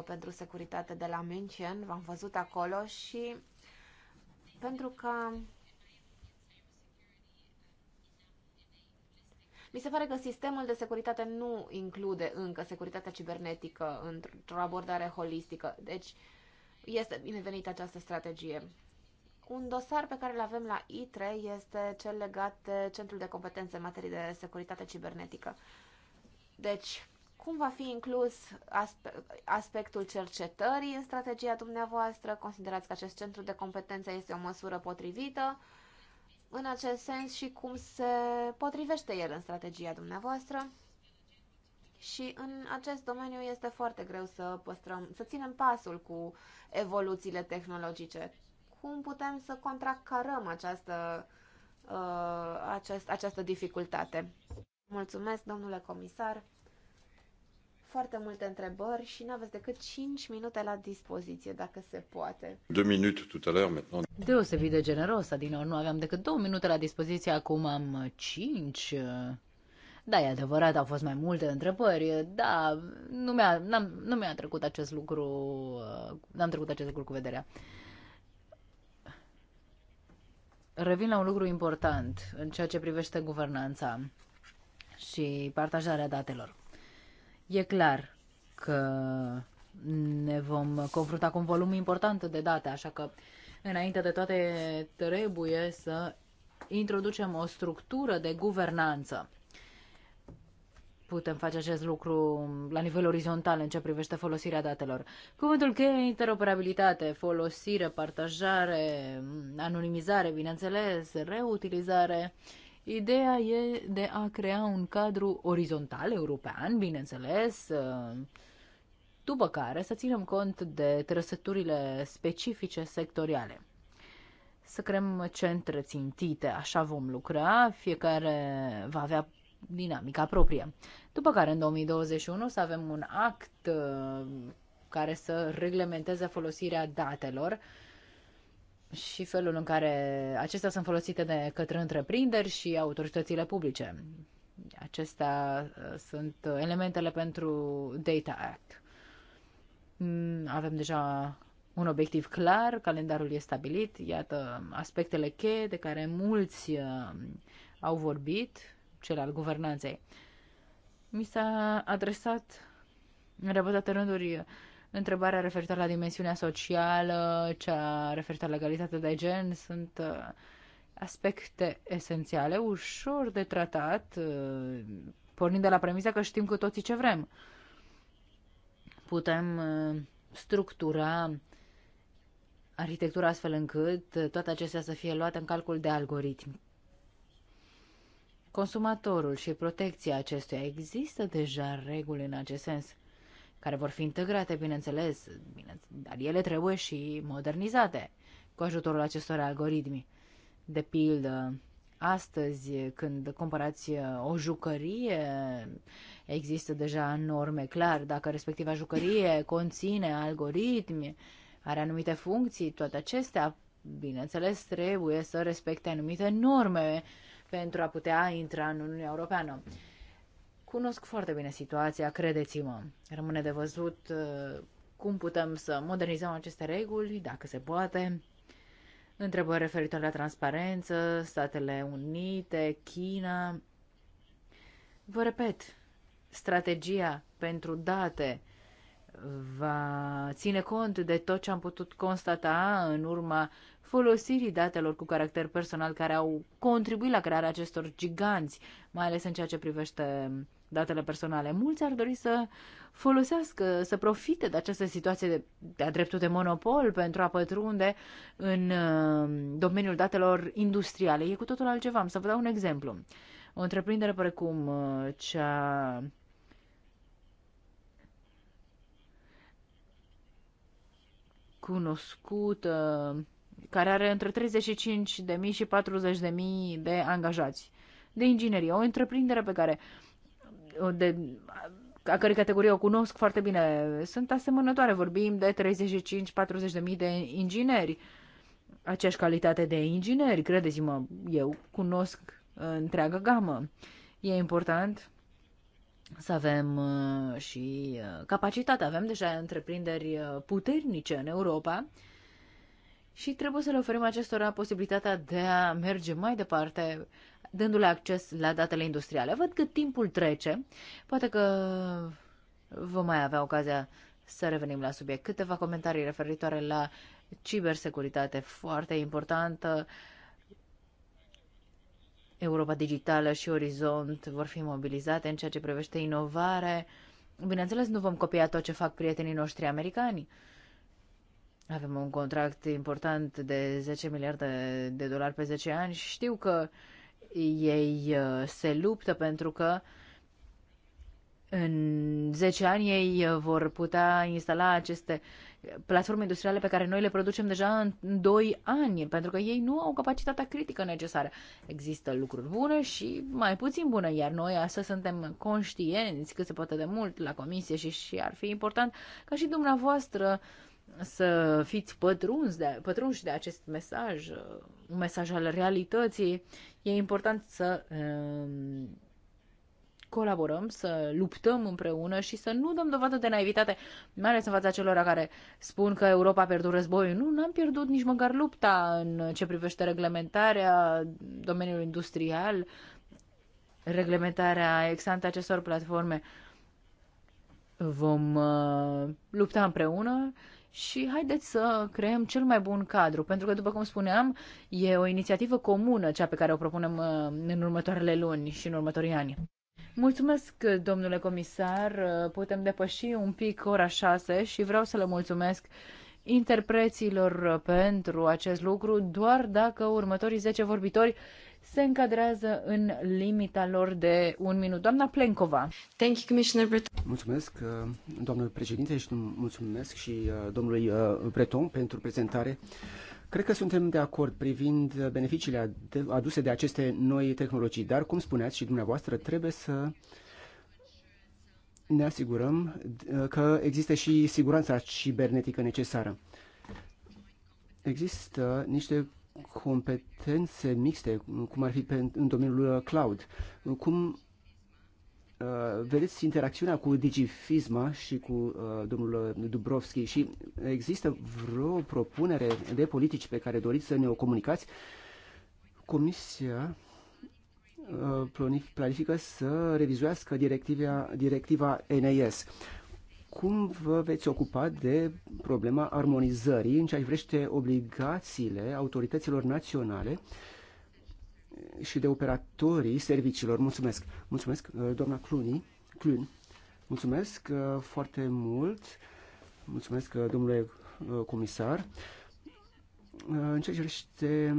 pentru securitate de la München, v-am văzut acolo și pentru că Mi se pare că sistemul de securitate nu include încă securitatea cibernetică într-o abordare holistică. Deci este binevenită această strategie. Un dosar pe care îl avem la ITRE este cel legat de Centrul de Competențe în materie de securitate cibernetică. Deci, cum va fi inclus aspectul cercetării în strategia dumneavoastră? Considerați că acest centru de competență este o măsură potrivită în acest sens și cum se potrivește el în strategia dumneavoastră? Și în acest domeniu este foarte greu să păstrăm, să ținem pasul cu evoluțiile tehnologice. Cum putem să contracarăm această, uh, această dificultate? Mulțumesc, domnule comisar foarte multe întrebări și nu aveți decât 5 minute la dispoziție, dacă se poate. 2 minute tot à l'heure maintenant. Deosebit de generos, adică nu aveam decât 2 minute la dispoziție, acum am 5. Da, e adevărat, au fost mai multe întrebări, da, nu mi-a, n-am, nu mi-a trecut acest lucru, uh, n-am trecut acest lucru cu vederea. Revin la un lucru important în ceea ce privește guvernanța și partajarea datelor. E clar că ne vom confrunta cu un volum important de date, așa că înainte de toate trebuie să introducem o structură de guvernanță. Putem face acest lucru la nivel orizontal în ce privește folosirea datelor. Cuvântul cheie interoperabilitate, folosire, partajare, anonimizare, bineînțeles, reutilizare. Uh, Ideea e de a crea un cadru orizontal european, bineînțeles, uh, după care să ținem cont de trăsăturile specifice sectoriale. Să creăm centre țintite, așa vom lucra, fiecare va avea dinamica proprie. După care în 2021 să avem un act uh, care să reglementeze folosirea datelor și felul în care acestea sunt folosite de către întreprinderi și autoritățile publice. Acestea uh, sunt elementele pentru Data Act. Mm, avem deja un obiectiv clar, calendarul e stabilit, iată aspectele cheie de care mulți uh, au vorbit, cel al guvernanței. Mi s-a adresat în repetate rânduri uh, întrebarea referitoare la dimensiunea socială, cea referitoare la egalitatea de gen, sunt uh, aspecte esențiale, ușor de tratat, uh, pornind de la premisa că știm cu toții ce vrem. Putem uh, structura arhitectura astfel încât toate acestea să fie luate în calcul de algoritmi. Consumatorul și protecția acestuia există deja reguli în acest sens – care vor fi integrate, bineînțeles, bine, dar ele trebuie și modernizate cu ajutorul acestor algoritmi. De pildă, astăzi, când cumpărați uh, o jucărie, există deja norme clar dacă respectiva jucărie conține algoritmi, are anumite funcții, toate acestea, bineînțeles, trebuie să respecte anumite norme pentru a putea intra în Uniunea Europeană. Cunosc foarte bine situația, credeți-mă. Rămâne de văzut uh, cum putem să modernizăm aceste reguli, dacă se poate. Întrebări referitoare la transparență, Statele Unite, China. Vă repet, strategia pentru date va ține cont de tot ce am putut constata în urma folosirii datelor cu caracter personal care au contribuit la crearea acestor giganți, mai ales în ceea ce privește datele personale. Mulți ar dori să folosească, să profite de această situație de, de-a dreptul de monopol pentru a pătrunde în uh, domeniul datelor industriale. E cu totul altceva. Am să vă dau un exemplu. O întreprindere precum uh, cea cunoscută care are între 35.000 și 40.000 de angajați de inginerie, o întreprindere pe care uh, de, a cărei categorie o cunosc foarte bine, sunt asemănătoare. Vorbim de 35-40 de mii de ingineri. Aceeași calitate de ingineri, credeți-mă, eu cunosc uh, întreaga gamă. E important să avem uh, și uh, capacitate. Avem deja întreprinderi puternice în Europa și trebuie să le oferim acestora posibilitatea de a merge mai departe, dându-le acces la datele industriale. Văd că timpul trece, poate că vom mai avea ocazia să revenim la subiect. Câteva comentarii referitoare la cibersecuritate foarte importantă. Europa Digitală și Orizont vor fi mobilizate în ceea ce privește inovare. Bineînțeles, nu vom copia tot ce fac prietenii noștri americani. Avem un contract important de 10 miliarde de dolari pe 10 ani și știu că uh, ei uh, se luptă pentru că în 10 ani ei uh, vor putea instala aceste platforme industriale pe care noi le producem deja în 2 ani, pentru că ei nu au capacitatea critică necesară. Există lucruri bune și mai puțin bune, iar noi astăzi suntem conștienți cât se poate de mult la comisie și, și ar fi important ca și dumneavoastră uh, să fiți pătrunși de, pătrunși de acest mesaj, un mesaj al realității. E important să um, colaborăm, să luptăm împreună și să nu dăm dovadă de naivitate, mai ales în fața celor care spun că Europa a pierdut războiul. Nu, n-am pierdut nici măcar lupta în ce privește reglementarea domeniului industrial, reglementarea exante acestor platforme. Vom uh, lupta împreună și haideți să creăm cel mai bun cadru, pentru că, după cum spuneam, e o inițiativă comună cea pe care o propunem uh, în următoarele luni și în următorii ani. Mulțumesc, domnule comisar, uh, putem depăși un pic ora 6 și vreau să le mulțumesc interpreților uh, pentru acest lucru, doar dacă următorii 10 vorbitori se încadrează în limita lor de un minut. Doamna Plencova. Thank you, Commissioner Breton. Mulțumesc, uh, doamnă președinte, și mulțumesc și uh, domnului uh, Breton pentru prezentare. Cred că suntem de acord privind beneficiile aduse de aceste noi tehnologii, dar, cum spuneați și dumneavoastră, trebuie să ne asigurăm că există și siguranța cibernetică necesară. Există niște competențe mixte, cum ar fi pe, în domeniul uh, cloud. Cum uh, vedeți interacțiunea cu DigiFisma și cu uh, domnul uh, Dubrovski și există vreo propunere de politici pe care doriți să ne o comunicați? Comisia uh, planifică să revizuiască directiva, directiva Uh, cum vă veți ocupa de problema armonizării în ceea ce privește obligațiile autorităților naționale și de operatorii serviciilor? Mulțumesc! Mulțumesc, uh, doamna Cluni, Clun. Mulțumesc uh, foarte mult. Mulțumesc, uh, domnule comisar. În ceea ce privește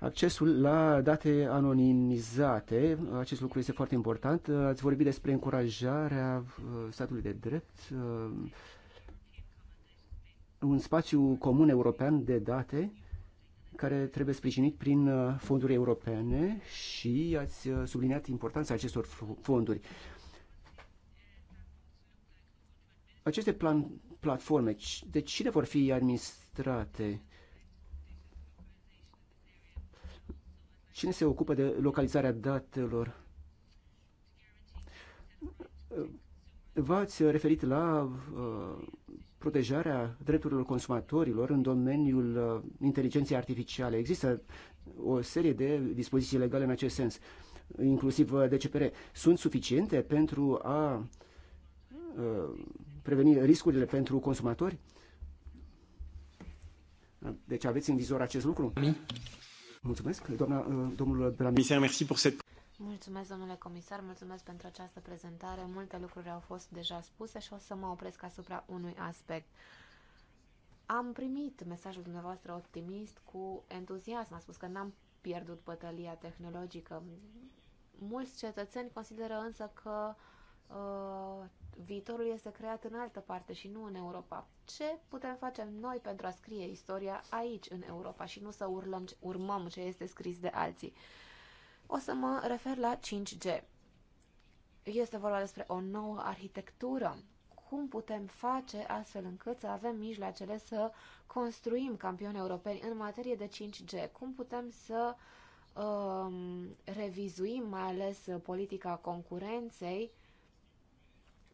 Accesul la date anonimizate, acest lucru este foarte important. Ați vorbit despre încurajarea uh, statului de drept, uh, un spațiu comun european de date care trebuie sprijinit prin uh, fonduri europene și ați subliniat importanța acestor fonduri. Aceste plan, platforme, de cine vor fi administrate? Cine se ocupă de localizarea datelor? V-ați referit la uh, protejarea drepturilor consumatorilor în domeniul uh, inteligenței artificiale. Există o serie de dispoziții legale în acest sens, inclusiv uh, DCPR. Sunt suficiente pentru a uh, preveni riscurile pentru consumatori? Deci aveți în vizor acest lucru? Mi? Mulțumesc, doamna, uh, domnul de la Misia, mersi pentru cette... Mulțumesc, domnule comisar, mulțumesc pentru această prezentare. Multe lucruri au fost deja spuse și o să mă opresc asupra unui aspect. Am primit mesajul dumneavoastră optimist cu entuziasm. A spus că n-am pierdut bătălia tehnologică. Mulți cetățeni consideră însă că uh, viitorul este creat în altă parte și nu în Europa. Ce putem face noi pentru a scrie istoria aici, în Europa, și nu să urlăm, urmăm ce este scris de alții? O să mă refer la 5G. Este vorba despre o nouă arhitectură. Cum putem face astfel încât să avem mijloacele să construim campioni europeni în materie de 5G? Cum putem să uh, revizuim mai ales politica concurenței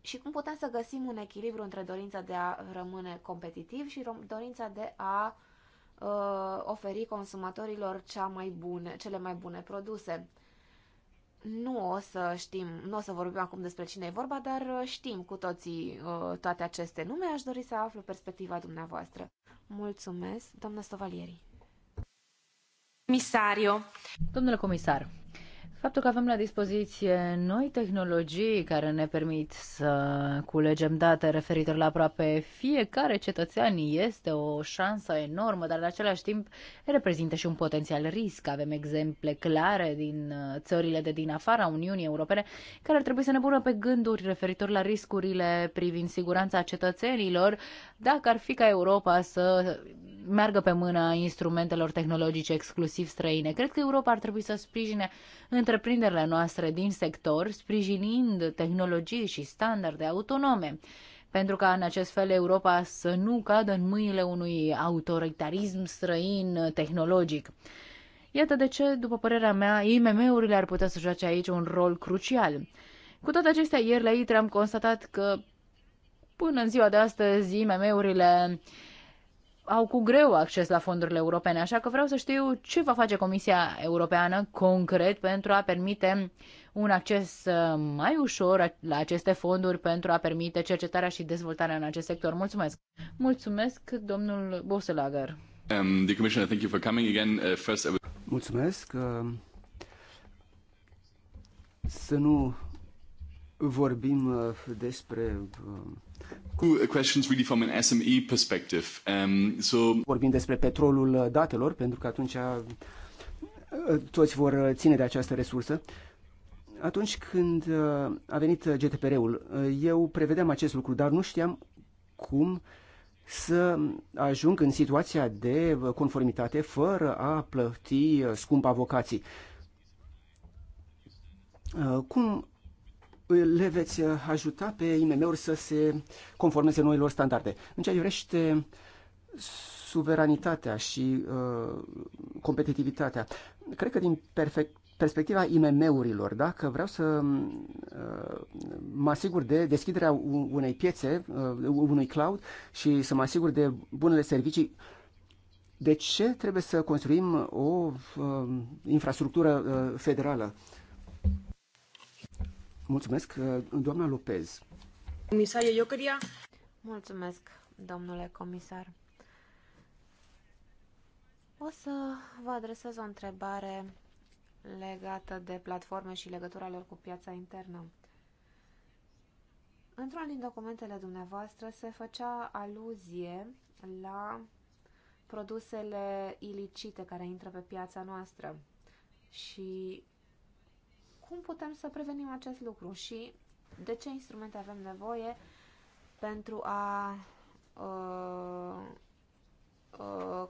și cum putem să găsim un echilibru între dorința de a rămâne competitiv și dorința de a uh, oferi consumatorilor cea mai bune, cele mai bune produse. Nu o să știm, nu o să vorbim acum despre cine e vorba, dar uh, știm cu toții uh, toate aceste nume. Aș dori să aflu perspectiva dumneavoastră. Mulțumesc, doamnă Stovalieri. Comisario. Domnule comisar, Faptul că avem la dispoziție noi tehnologii care ne permit să culegem date referitor la aproape fiecare cetățean este o șansă enormă, dar în același timp reprezintă și un potențial risc. Avem exemple clare din uh, țările de din afara Uniunii Europene care ar trebui să ne pună pe gânduri referitor la riscurile privind siguranța cetățenilor dacă ar fi ca Europa să meargă pe mâna instrumentelor tehnologice exclusiv străine. Cred că Europa ar trebui să sprijine între întreprinderile noastre din sector, sprijinind tehnologii și standarde autonome, pentru ca în acest fel Europa să nu cadă în mâinile unui autoritarism străin tehnologic. Iată de ce, după părerea mea, IMM-urile ar putea să joace aici un rol crucial. Cu toate acestea, ieri la ITRE am constatat că până în ziua de astăzi IMM-urile uh, au cu greu acces la fondurile europene, așa că vreau să știu ce va face Comisia Europeană concret pentru a permite un acces uh, mai ușor la aceste fonduri pentru a permite cercetarea și dezvoltarea în acest sector. Mulțumesc! Mulțumesc, domnul Boselager. Um, the Commissioner, thank you for coming again. Uh, first, I will... Mulțumesc! Uh, să nu vorbim uh, despre questions really from an SME perspective. Um, so... Vorbim despre petrolul uh, datelor, pentru că atunci uh, toți vor uh, ține de această resursă. Atunci când a venit GDPR-ul, eu prevedeam acest lucru, dar nu știam cum să ajung în situația de conformitate fără a plăti scump avocații. Cum le veți ajuta pe IMM-uri să se conformeze noilor standarde. În ceea ce vrește suveranitatea și uh, competitivitatea, cred că din perfect perspectiva IMM-urilor, dacă vreau să uh, mă asigur de deschiderea unei piețe, uh, unui cloud și să mă asigur de bunele servicii, de ce trebuie să construim o uh, infrastructură uh, federală? Mulțumesc, uh, doamna Lopez. Comisar, eu căria. Mulțumesc, domnule comisar. O să vă adresez o întrebare legată de platforme și legătura lor cu piața internă. într un din documentele dumneavoastră se făcea aluzie la produsele ilicite care intră pe piața noastră și cum putem să prevenim acest lucru și de ce instrumente avem nevoie pentru a uh, uh,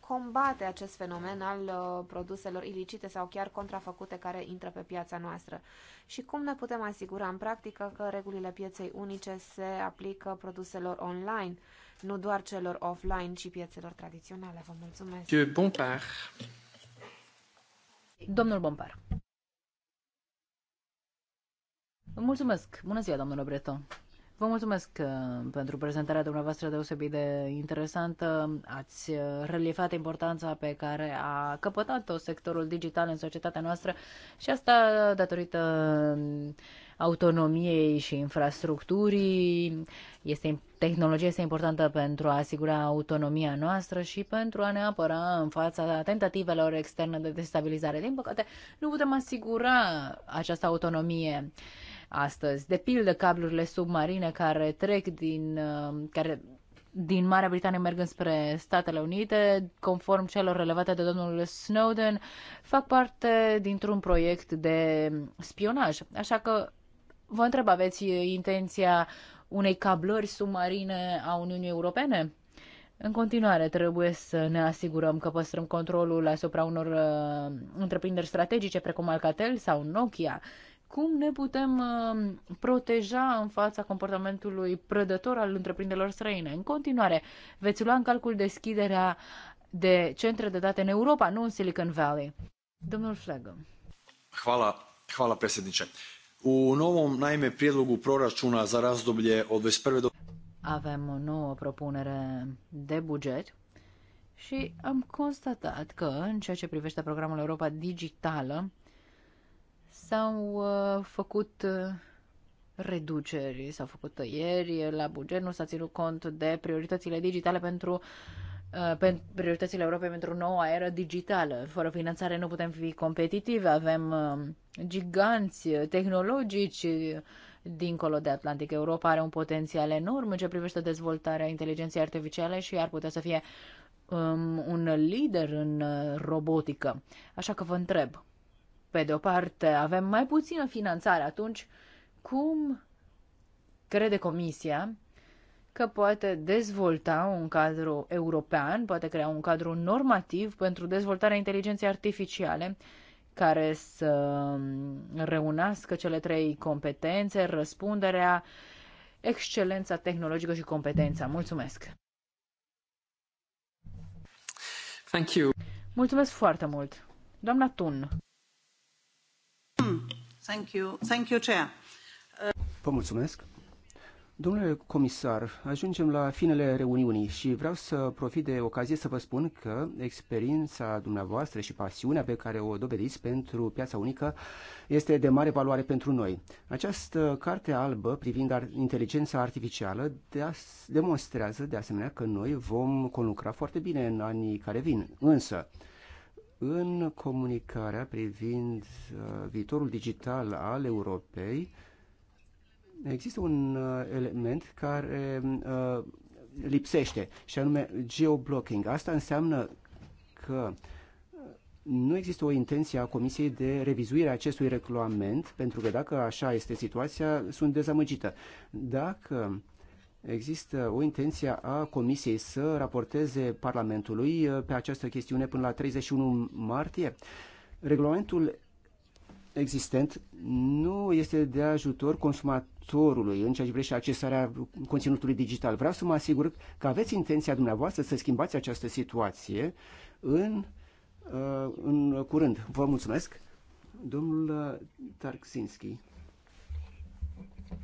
combate acest fenomen al uh, produselor ilicite sau chiar contrafăcute care intră pe piața noastră și cum ne putem asigura în practică că regulile pieței unice se aplică produselor online, nu doar celor offline, ci piețelor tradiționale. Vă mulțumesc! Domnul Bompar. Mulțumesc! Bună ziua, domnule Breton! Vă mulțumesc uh, pentru prezentarea dumneavoastră deosebit de interesantă. Ați uh, reliefat importanța pe care a căpătat-o sectorul digital în societatea noastră și asta datorită um, autonomiei și infrastructurii. Este, tehnologia este importantă pentru a asigura autonomia noastră și pentru a ne apăra în fața tentativelor externe de destabilizare. Din păcate, nu putem asigura această autonomie. Uh, astăzi. De pildă, cablurile submarine care trec din, uh, care din Marea Britanie merg spre Statele Unite, conform celor relevate de domnul Snowden, fac parte dintr-un proiect de spionaj. Așa că vă întreb, aveți intenția unei cablări submarine a Uniunii Europene? În continuare, trebuie să ne asigurăm că păstrăm controlul asupra unor uh, întreprinderi strategice precum Alcatel sau Nokia cum ne putem uh, proteja în fața comportamentului prădător al întreprinderilor străine. În continuare, veți lua în calcul deschiderea de centre de date în Europa, nu în Silicon Valley. Domnul Flegă. Hvala, hvala predsjedniče. U novom, naime, prijedlogu proračuna za razdoblje od 21. do... Avem o nouă propunere de buget și am constatat că, în ceea ce privește programul Europa Digitală, S-au uh, făcut uh, reduceri, s-au făcut tăieri la buget, nu s-a ținut cont de prioritățile digitale pentru uh, pentru prioritățile Europei pentru noua era digitală. Fără finanțare nu putem fi competitivi, avem giganți tehnologici dincolo de Atlantic. Europa are un potențial enorm în ce privește dezvoltarea inteligenței artificiale și ar putea să fie um, un lider în robotică. Așa că vă întreb, pe de o parte avem mai puțină finanțare atunci, cum crede Comisia că poate dezvolta un cadru european, poate crea un cadru normativ pentru dezvoltarea inteligenței artificiale care să reunească cele trei competențe, răspunderea, excelența tehnologică și competența. Mulțumesc! Thank you. Mulțumesc foarte mult! Doamna Tun. Mm. mulțumesc. Domnule comisar, ajungem la finele reuniunii și vreau să profit de ocazie să vă spun că experiența dumneavoastră și pasiunea pe care o dovediți pentru piața unică este de mare valoare pentru noi. Această carte albă privind inteligența artificială demonstrează de asemenea că noi vom conlucra foarte bine în anii care vin. Însă, în comunicarea privind uh, viitorul digital al Europei, există un uh, element care uh, lipsește, și anume geoblocking. Asta înseamnă că nu există o intenție a Comisiei de revizuire a acestui regulament, pentru că dacă așa este situația, sunt dezamăgită. Dacă Există o intenție a Comisiei să raporteze Parlamentului uh, pe această chestiune până la 31 martie. Regulamentul existent nu este de ajutor consumatorului în ceea ce privește accesarea conținutului digital. Vreau să mă asigur că aveți intenția dumneavoastră să schimbați această situație în, uh, în curând. Vă mulțumesc, domnul uh, Tarksinski.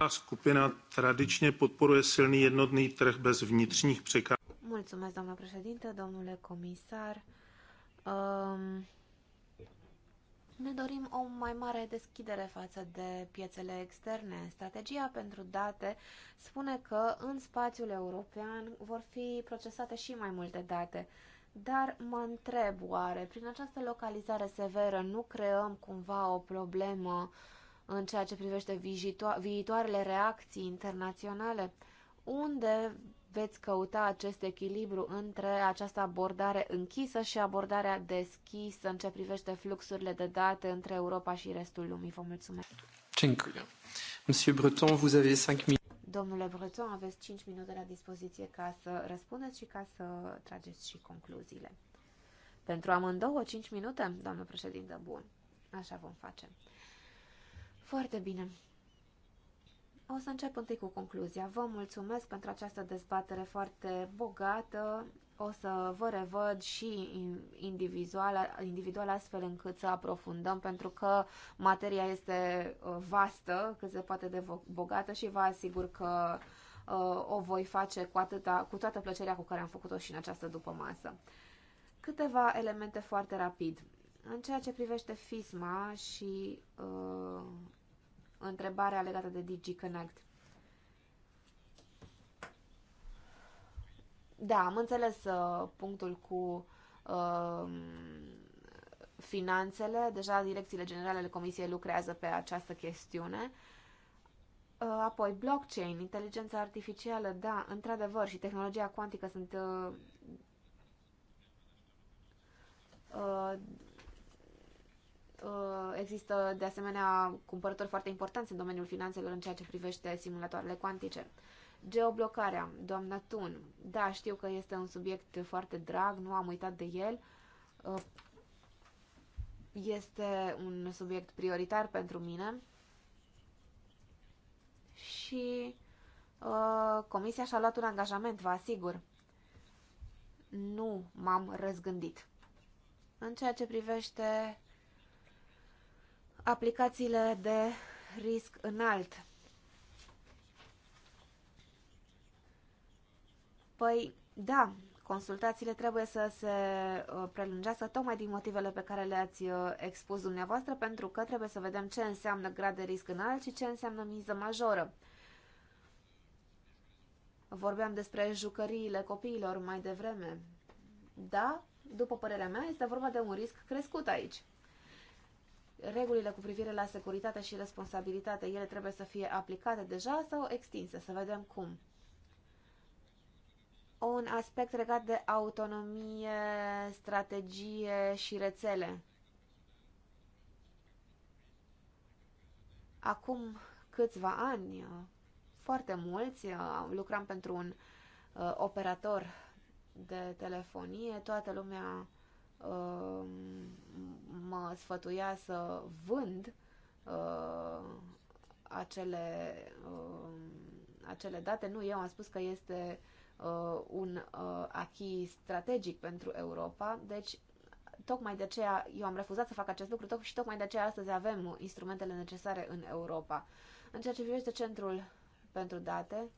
Skupina tradičně podporuje silný jednotný trh bez vnitřních překážek. Mulțumesc, doamna președinte, domnule comisar. Um, ne dorim o mai mare deschidere față de piețele externe. Strategia pentru date spune că în spațiul european vor fi procesate și mai multe date. Dar mă întreb oare, prin această localizare severă nu creăm cumva o problemă uh, în ceea ce privește viitoarele reacții internaționale? Unde veți căuta acest echilibru între această abordare închisă și abordarea deschisă în ce privește fluxurile de date între Europa și restul lumii? Vă mulțumesc! Monsieur Breton, vous avez 5 minutes. Domnule Breton, aveți 5 minute la dispoziție ca să răspundeți și ca să trageți și concluziile. Pentru amândouă 5 minute, doamnă președintă, bun. Așa vom face. Foarte bine. O să încep întâi cu concluzia. Vă mulțumesc pentru această dezbatere foarte bogată. O să vă revăd și individual, individual astfel încât să aprofundăm, pentru că materia este uh, vastă, cât se poate de bogată și vă asigur că uh, o voi face cu, atâta, cu toată plăcerea cu care am făcut-o și în această dupămasă. Câteva elemente foarte rapid. În ceea ce privește FISMA și uh, întrebarea legată de DigiConnect. Da, am înțeles uh, punctul cu uh, finanțele. Deja direcțiile generale ale Comisiei lucrează pe această chestiune. Uh, apoi, blockchain, inteligența artificială, da, într-adevăr, și tehnologia cuantică sunt uh, uh, Uh, există, de asemenea, cumpărători foarte importanți în domeniul finanțelor în ceea ce privește simulatoarele cuantice. Geoblocarea, doamna Tun. Da, știu că este un subiect foarte drag, nu am uitat de el. Uh, este un subiect prioritar pentru mine. Și uh, comisia și-a luat un angajament, vă asigur. Nu m-am răzgândit. În ceea ce privește aplicațiile de risc înalt. Păi, da, consultațiile trebuie să se uh, prelungească tocmai din motivele pe care le-ați uh, expus dumneavoastră, pentru că trebuie să vedem ce înseamnă grad de risc înalt și ce înseamnă miză majoră. Vorbeam despre jucăriile copiilor mai devreme. Da, după părerea mea, este vorba de un risc crescut aici regulile cu privire la securitate și responsabilitate, ele trebuie să fie aplicate deja sau extinse, să vedem cum. Un aspect legat de autonomie, strategie și rețele. Acum câțiva ani, foarte mulți, lucram pentru un uh, operator de telefonie, toată lumea Ehm, mă sfătuia să vând uh, acele, uh, acele date. Nu, eu am spus că este uh, un uh, eh, achii strategic pentru Europa, deci tocmai de aceea eu am refuzat să fac acest lucru toc și tocmai de aceea astăzi avem instrumentele necesare în Europa. În ceea ce privește centrul pentru date,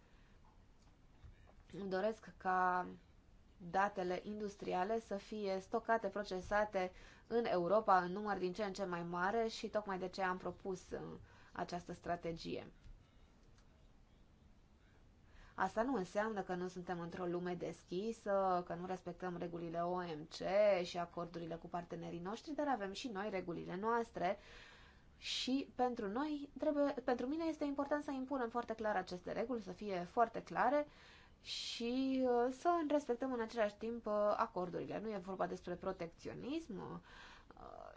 îmi doresc ca datele industriale să fie stocate, procesate în Europa în număr din ce în ce mai mare și tocmai de ce am propus uh, această strategie. Asta nu înseamnă că nu suntem într-o lume deschisă, că nu respectăm regulile OMC și acordurile cu partenerii noștri, dar avem și noi regulile noastre și pentru noi, trebuie, pentru mine este important să impunem foarte clar aceste reguli, să fie foarte clare și uh, să respectăm în același timp uh, acordurile. Nu e vorba despre protecționism, uh,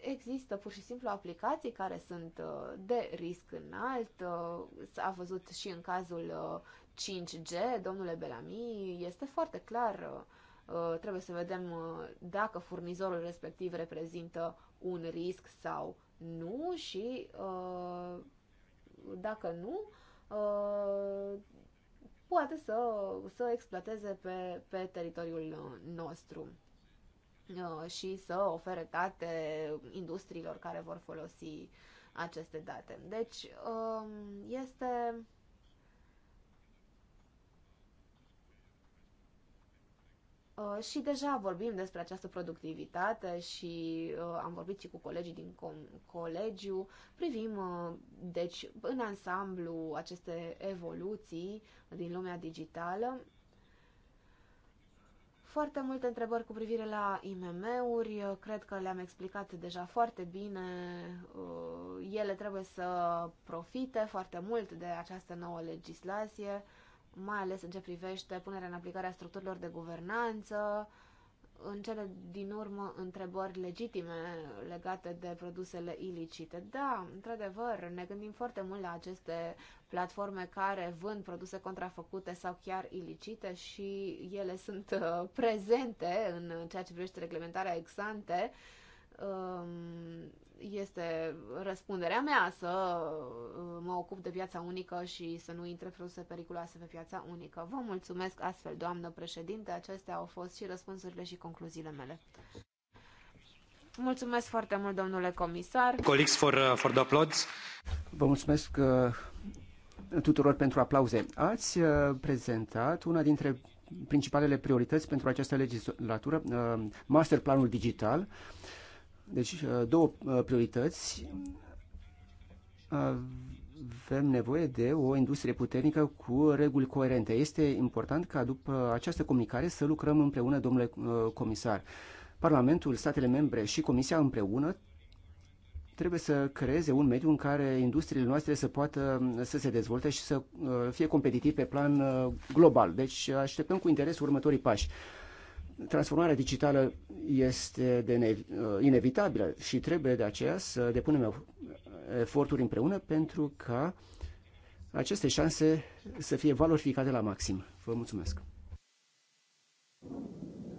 există pur și simplu aplicații care sunt de risc înalt. S-a văzut și în cazul 5G, domnule Belami, este foarte clar. Trebuie să vedem dacă furnizorul respectiv reprezintă un risc sau nu și dacă nu, poate să, să exploateze pe, pe teritoriul uh, nostru uh, și să ofere date industriilor care vor folosi aceste date. Deci um, este Uh, și deja vorbim despre această productivitate și uh, am vorbit și cu colegii din colegiu. Privim, uh, deci, în ansamblu aceste evoluții din lumea digitală. Foarte multe întrebări cu privire la IMM-uri, cred că le-am explicat deja foarte bine. Ele trebuie să profite foarte mult de această nouă legislație mai ales în ce privește punerea în aplicare a structurilor de guvernanță, în cele din urmă întrebări legitime legate de produsele ilicite. Da, într-adevăr, ne gândim foarte mult la aceste platforme care vând produse contrafăcute sau chiar ilicite și ele sunt uh, prezente în ceea ce privește reglementarea ex ante Um, este răspunderea mea să uh, mă ocup de piața unică și să nu intre produse periculoase pe piața unică. Vă mulțumesc astfel, doamnă președinte, acestea au fost și răspunsurile și concluziile mele. Mulțumesc foarte mult, domnule comisar. Colegi, for, uh, for the applause. Vă mulțumesc uh, tuturor pentru aplauze. Ați prezentat una dintre principalele priorități pentru această legislatură, masterplanul digital. Deci, uh, două uh, priorități. Uh, avem nevoie de o industrie puternică cu reguli coerente. Este important ca după această comunicare să lucrăm împreună, domnule comisar. Parlamentul, statele membre și Comisia împreună trebuie să creeze un mediu în care industriile noastre să poată să se dezvolte și să fie competitiv pe plan global. Deci așteptăm cu interes următorii pași transformarea digitală este de uh, inevitabilă și trebuie de aceea să depunem eforturi împreună pentru ca aceste șanse să fie valorificate la maxim. Vă mulțumesc!